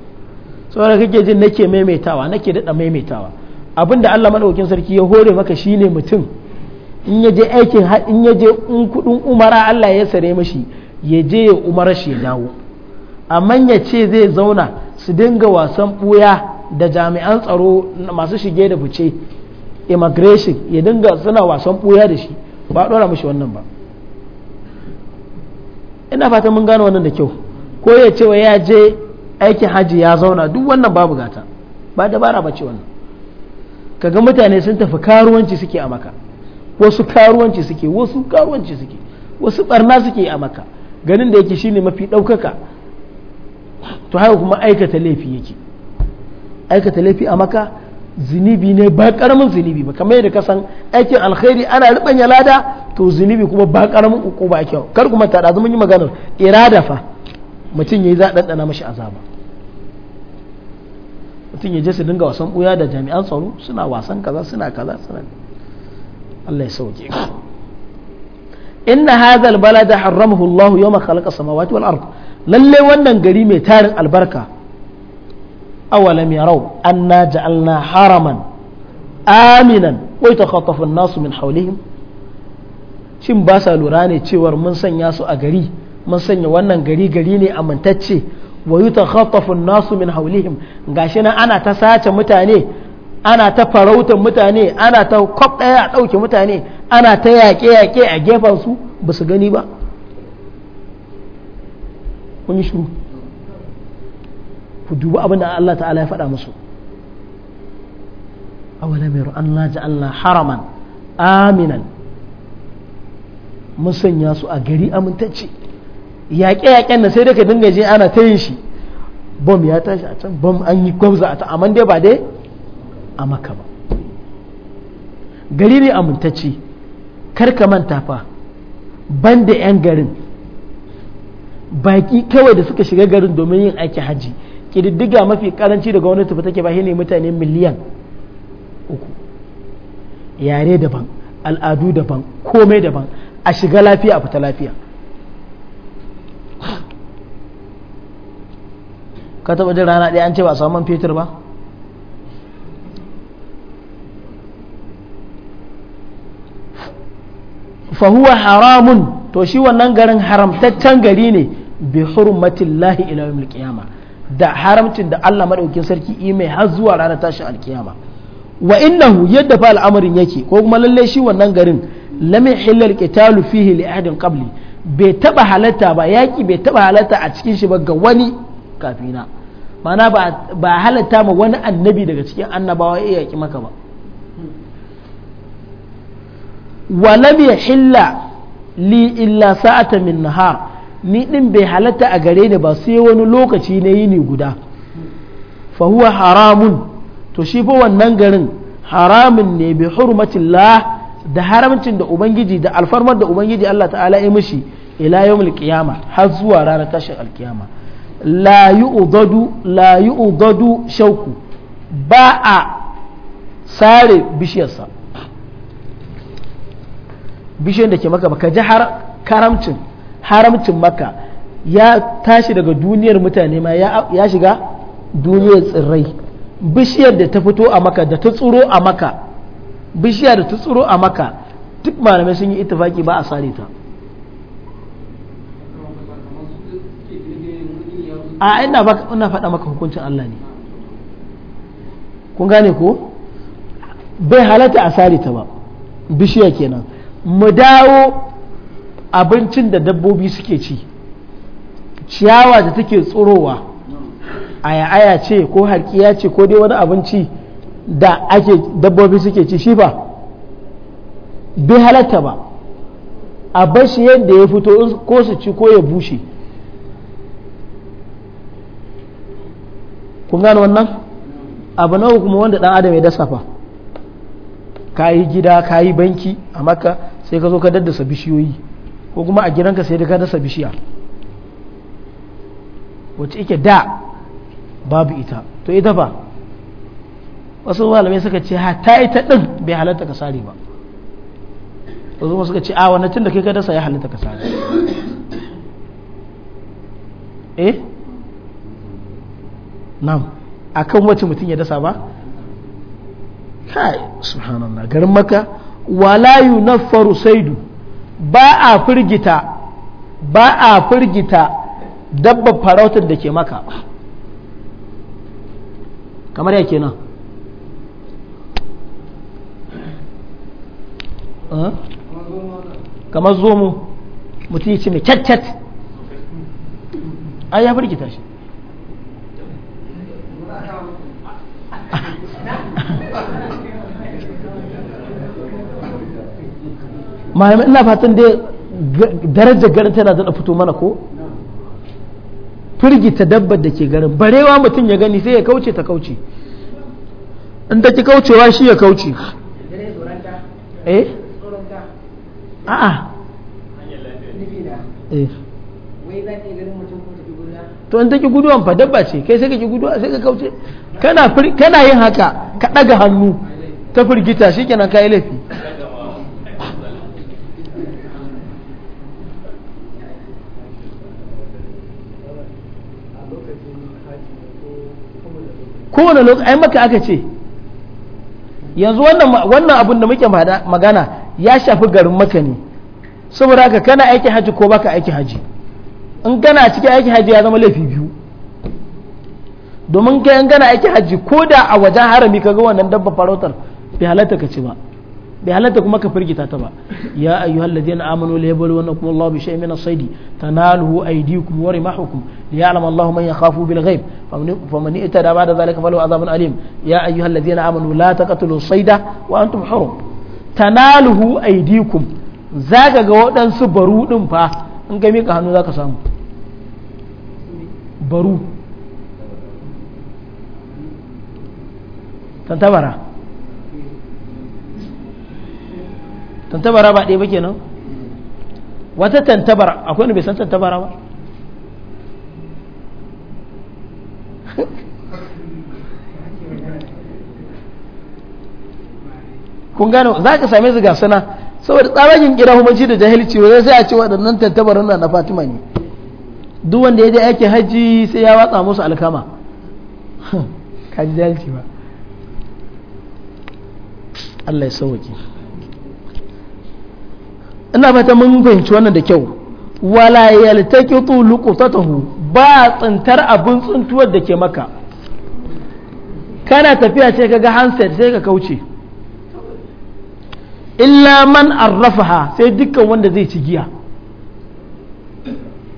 saboda kake jin nake maimaitawa nake daɗa maimaitawa abinda Allah madaukakin sarki ya hore maka shine mutum in ya je aikin in yaje je in kudin umara Allah ya sare mashi ya je ya umara shi ya dawo amma ya ce zai zauna su dinga wasan buya da jami'an tsaro masu shige da fice immigration ya dinga suna wasan buya da shi ba dora mashi wannan ba ina fata mun gane wannan da kyau ko ya ce wa ya je aikin haji ya zauna duk wannan babu gata ba dabara ba ce wannan kaga mutane sun tafi karuwanci suke a maka wasu karuwanci suke wasu karuwanci suke wasu barna suke a maka ganin da yake shine mafi ɗaukaka to haka kuma aikata laifi yake aikata laifi a maka zunubi ne ba karamin zunubi ba kamar yadda ka san aikin alkhairi ana ribanya lada to zunubi kuma ba karamin uku ba kyau kar kuma ta mun yi maganar irada fa mutum yayi za ɗanɗana mashi azaba mutum ya je su dinga wasan buya da jami'an tsaro suna wasan kaza suna kaza suna Allah ya sauke inna hadha albalada harramahu Allah yawma khalaqa samawati wal ard lalle wannan gari mai tarin albarka awalam yarau anna ja'alna haraman aminan wa yatakhatafu an-nasu min hawlihim shin ba sa lura ne cewar mun sanya su a gari mun sanya wannan gari gari ne amintacce wa yutakhatafu an-nasu min hawlihim gashi na ana ta sace mutane ana ta farautar mutane ana ta kwab ɗaya a ɗauke mutane ana ta yaƙe-yaƙe a gefen su ba su gani ba kun yi shuru ku dubi abin da Allah ta'ala ya faɗa musu awalam mai ru'an laji Allah haraman aminan musan su a gari amintacce yaƙe-yaƙen na sai dai ka dinga je ana ta yin shi bom ya tashi a can bom an yi gwamza a ta amma dai ba dai a maka ba gari ne amintacci karka manta fa ban da 'yan garin baki kawai da suka shiga garin domin yin aiki haji ƙididdiga mafi karanci daga wani tafi take ba ne mutane miliyan uku yare daban al'adu daban komai daban a shiga lafiya a fita lafiya ka taɓa jin rana ɗaya an ce ba a samu man fetur ba fa huwa haramun to shi wannan garin haramtaccen gari ne bi lahi ila yawm alqiyama da haramcin da Allah maɗaukin sarki yi mai har zuwa ranar tashi alkiyama wa innahu yadda fa al'amarin yake ko kuma lalle shi wannan garin lam yahillal qitalu fihi li ahadin qabli bai taba halatta ba yaki bai taba halatta a cikin shi ba ga wani kafina ma'ana ba halatta ma wani annabi daga cikin annabawa ya yaki maka ba wa lam yahilla li illa sa'ata min nahar ni din bai halarta a gare ni ba sai wani lokaci na ni guda fa huwa haramun to shi fa wannan garin haramun ne bi hurmatillah da haramcin da ubangiji da alfarmar da ubangiji Allah ta'ala ya mishi ila yawmul qiyama har zuwa ranar tashin alkiyama la yu'dadu la yu'dadu shauku ba a sare bishiyarsa bishiyar da ke maka ba ka ji haramcin haramcin maka ya tashi daga duniyar mutane ma ya shiga duniyar tsirrai bishiyar da ta fito a maka da ta tsuro a maka bishiyar da ta tsuro a maka duk malamai sun yi ittifaki ba a sare ta a ina ina faɗa maka hukuncin Allah ne kun gane ko bai halatta a sare ta ba bishiya kenan mu dawo abincin da dabbobi suke ci ciyawa da take tsurowa aya ce ko harkiya ce ko dai wani abinci da ake dabbobi suke ci shi ba bi halatta ba a bashi yadda ya fito ko su ci ko ya bushe kun gano wannan abu na kuma wanda dan adam ya dasa fa ka yi gida ka yi banki a maka sai ka zo ka daddasa bishiyoyi ko kuma a gidanka sai da ka dasa bishiya wacce ike da babu ita to ita ba wasu malamai suka ce ha ta ita din bai halatta ka sare ba wasu suka ce a wannan tun da kai ka dasa ya halatta ka sare eh nam akan wacce mutum ya dasa ba kai subhanallah garin maka wala yunaffaru saidu ba a firgita ba a firgita dabba farautar da ke maka kamar ya kenan kamar zomo mutum ya ce mai cat ai ya firgita shi malamai ina fatan dai darajar garin tana zana fito mana ko firgita dabbar da ke garin barewa mutum ya gani sai ya kauce ta kauce in ta ki kaucewa shi ya kauce eh a'a eh. to in take guduwan fa dabba ce kai sai ka ki guduwa sai ka kauce kana kana yin haka ka daga hannu ta firgita shikenan kai laifi kowane lokaci ai maka aka ce yanzu wannan abun da muke magana ya shafi garin maka ne saboda haka kana aikin haji ko baka aikin haji in kana cikin aikin haji ya zama laifi biyu domin kai in kana aikin haji ko da a wajen harami kaga wannan dabba farautar bai halatta ka ci ba bai halatta kuma ka firgita ta ba ya ayyuhal ladina amanu la yabluwannakum Allahu bi shay'in min as-sayd tanaluhu aydikum wa rimahukum liya'lam Allahu man yakhafu bil ghaib faman itada ba'da dhalika falahu adhabun alim ya ayyuhal ladina amanu la taqtulu as-sayda wa antum hurum tanaluhu aydikum zaka ga waɗansu baru din fa in ka mika hannu zaka samu baru tantabara tantabara ba ɗaya ba kenan wata tantabara akwai bai san tantabara ba kun gano za ka same su ga saboda tsaragin kira hukunci da jahilci wanda sai a ce waɗannan tantabarin na fatima ne duk wanda ya je aikin hajji sai ya watsa musu alkama ka ji jahilci ba Allah ya sauwake ina fata mun fahimci wannan da kyau wala yaltaqitu luqtatahu ba tsintar abun tsintuwar da ke maka kana tafiya sai kaga handset sai ka kauce illa man arrafaha sai dukkan wanda zai ci giya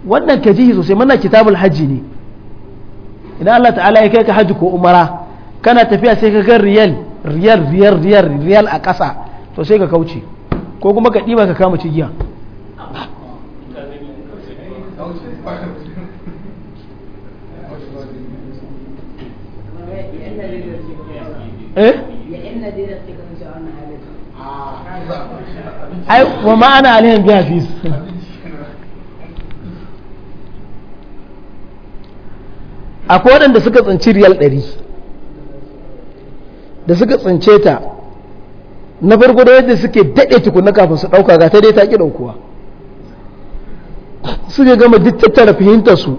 wannan kajihi sosai mana kitabul hajji ne idan Allah ta'ala ya kai ka hajji ko umara kana tafiya sai ka ga riyal riyal riyal riyal riyal a ƙasa to sai ka kauce ko kuma ka ɗiba ka kama cigiya eh? ai wa ma'ana alihan biya fi akwai waɗanda suka tsinci riyal ɗari da suka tsince ta na farko da yadda suke daɗe tukuna kafin su ɗauka ga ta dai ta ƙi ɗaukuwa ne gama duk tattara fahimtarsu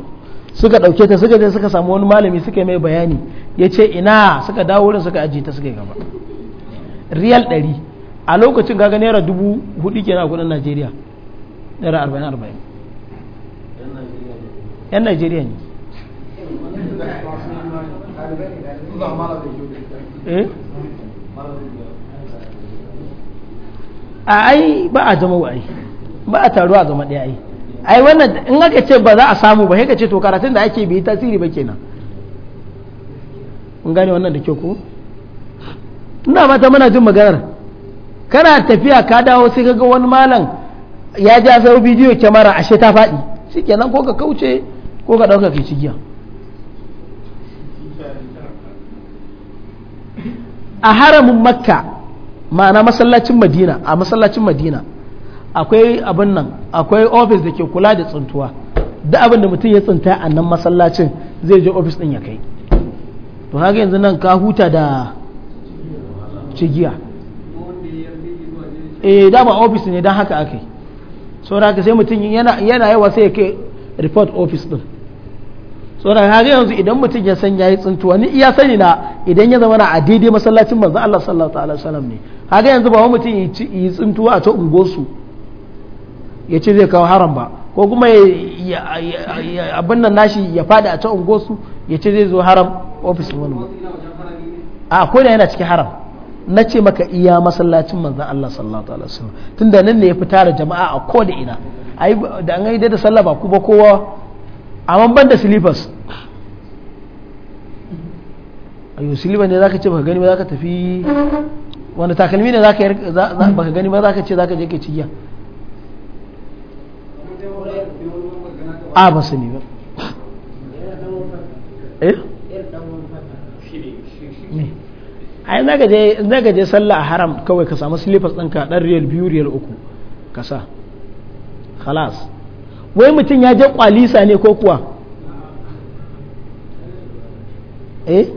suka ɗauke ta suka je suka samu wani malami suka mai bayani ya ce ina suka dawo wurin suka ajiye ta suka gaba riyal ɗari a lokacin gaga naira dubu hudu kenan a kudin najeriya naira arba'in arba'in yan najeriya ne eh a ai ba a jama'a ai ba a taruwa zama ɗaya ai ai wannan in aka ce ba za a samu ba haka ce to karatun da ake bi tasiri ba kenan in gane wannan da kyau ko ina mata muna jin maganar kana tafiya ka dawo sai ka ga wani malam ya ja sau bidiyo kyamara ashe ta faɗi shikenan ko ka kauce ko ka ɗauka kai cigiya a haramin makka ma'ana masallacin madina a masallacin madina akwai abin nan akwai ofis da ke kula da tsuntuwa duk abin da mutum ya tsinta a nan masallacin zai je ofis din ya kai to haka yanzu nan ka huta da cigiya eh dama ofis ne don haka ake saboda sai mutum yana yawa sai ya kai report ofis din saboda haka yanzu idan mutum ya san yayi tsintuwa ni iya sani na idan ya zama na a daidai masallacin manzo Allah sallallahu alaihi wasallam ne hada yanzu ba mutum yi tsintuwa a ta su ya ce zai kawo haram ba ko kuma abin nan nashi ya fada a ta su ya ce zai zo haram ofis wani ba a ko da yana cikin haram na ce maka iya masallacin manzan Allah sallallahu alaihi wasallam tunda nan ne ya fita da jama'a a ko da ina ai da an yi da sallah ba ku ba kowa amma ban da silifas ayo silifas ne zaka ce baka gani ba zaka tafi wani takalmi ne zaka baka gani ba zaka ce zaka je ka ciya a ba ne ba eh ai zaka je zaka je sallah a haram kawai ka samu slippers ka ɗan riyar biyu riyar uku ka sa khalas wai mutum ya je kwalisa ne ko kuwa eh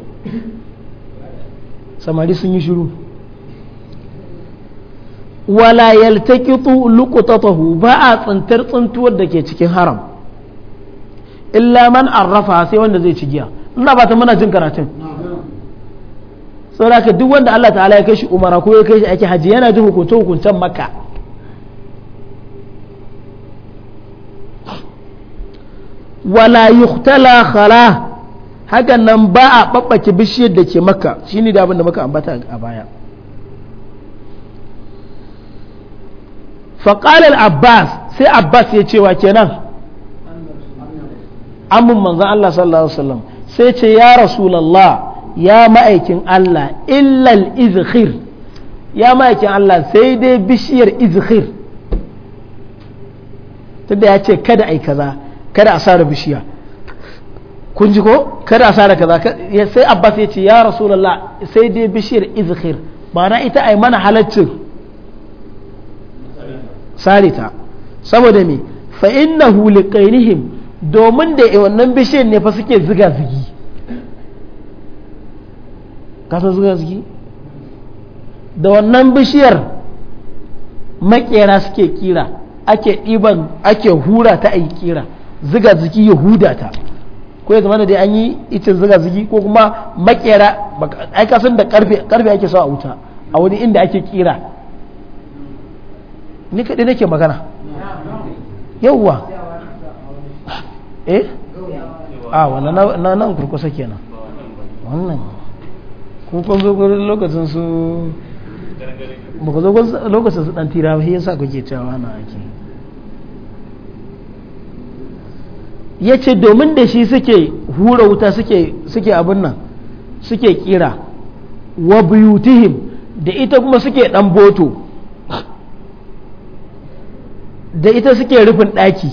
samari sun yi shiru wala yaltaqitu luqtatahu ba a tsantar tsantuwar da ke cikin haram illa man arrafa sai wanda zai ci giya ina ba ta muna jin karatun saboda ka duk wanda Allah ta'ala ya kai shi umara ko ya kai shi ake haji yana jin hukunce hukuncen makka wala yuhtala khala hakan nan ba a babbace bishiyar da ke makka shine da abin da muka ambata a baya faƙalar abbas sai abbas ya cewa kenan amin manzan allah sallallahu alaihi wasallam sai ce ya rasulallah ya ma'aikin allah illal izhir ya ma'aikin allah sai dai bishiyar tunda ya ce kada ai kaza kada a sare bishiya kun ji ko kada a sare kaza sai abbas ya ce ya rasulallah sai dai bishiyar izhir ba na ita yi mana halaccin sarita saboda me fa innahu liqainihim domin da wannan bishiyar ne fa suke ziga zigi ka san ziga zigi da wannan bishiyar makera suke kira ake ɗiban ake hura ta ayi kira ziga zigi ya ta ko ya zama da an yi itin ziga zigi ko kuma makera ai kasan da karfe karfe ake sa a wuta a wani inda ake kira ni kaɗai nake magana yauwa eh a wannan na nan kurkusa kenan wannan kukon zogon lokacin su baka zogon lokacin su dan tira ba yasa kuke cewa na ake ya ce domin da shi suke hura wuta suke abin nan suke kira wa buyutihim da ita kuma suke dan boto da ita suke rufin ɗaki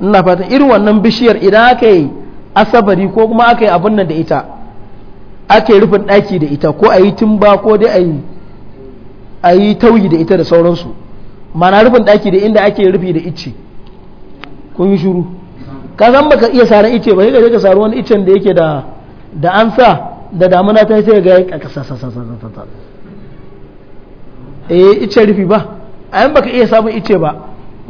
ina fatan irin wannan bishiyar idan aka yi asabari ko kuma aka yi abin nan da ita aka yi rufin ɗaki da ita ko a yi tumba ko dai a yi tauyi da ita da sauransu mana rufin ɗaki da inda ake rufi da icce kun yi shuru ka san baka iya saran ice ba sai ka sari wani icen da yake da da an sa da damuna ta sai ga ya kasa sa sa sa sa eh ice rufi ba a yan baka iya samun ice ba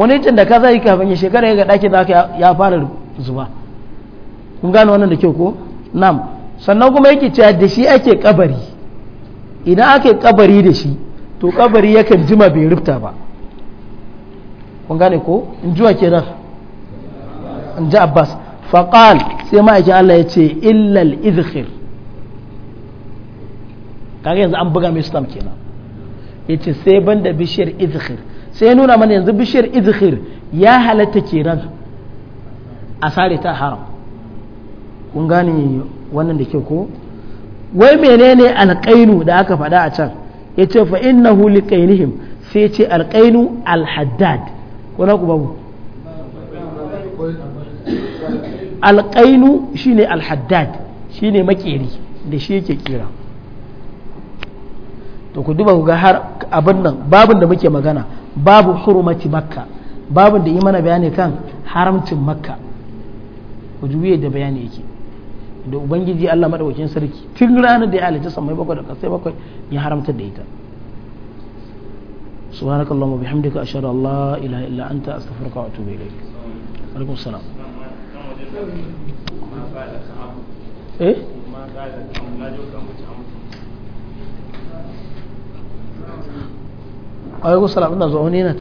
wani icen da ka zai kafin ya shekara ya ga ɗakin da aka ya fara zuba kun gane wannan da kyau ko nam sannan kuma yake cewa da shi ake kabari idan ake kabari da shi to kabari yakan jima bai rufta ba kun gane ko in ke nan in ji abbas faƙal sai ma'aikin allah ya ce illal izhir kaga yanzu an buga mai stamp kenan yace sai banda bishiyar izhir sai ya nuna mana yanzu bishiyar izhir ya halatta kiran a sare ta haram kun gane wannan da ke ko wai menene alƙainu da aka faɗa a can ya ce fa huli liqainihim sai ce alƙainu alhaddad ko ku babu alƙainu shine alhaddad shine makeri da shi yake kira to ku duba ku ga har abin nan babin da muke magana babu hurmati makka babin da yi mana bayani kan haramcin makka ku juye da bayani yake da ubangiji Allah madaukakin sarki tun ranar da ya halitta samai bakwai da kasai bakwai ya haramta da ita سبحانك اللهم وبحمدك أشهد أن لا إله إلا أنت أستغفرك وأتوب إليك عليكم السلام إيه؟ alaikum salam ina zuwa wani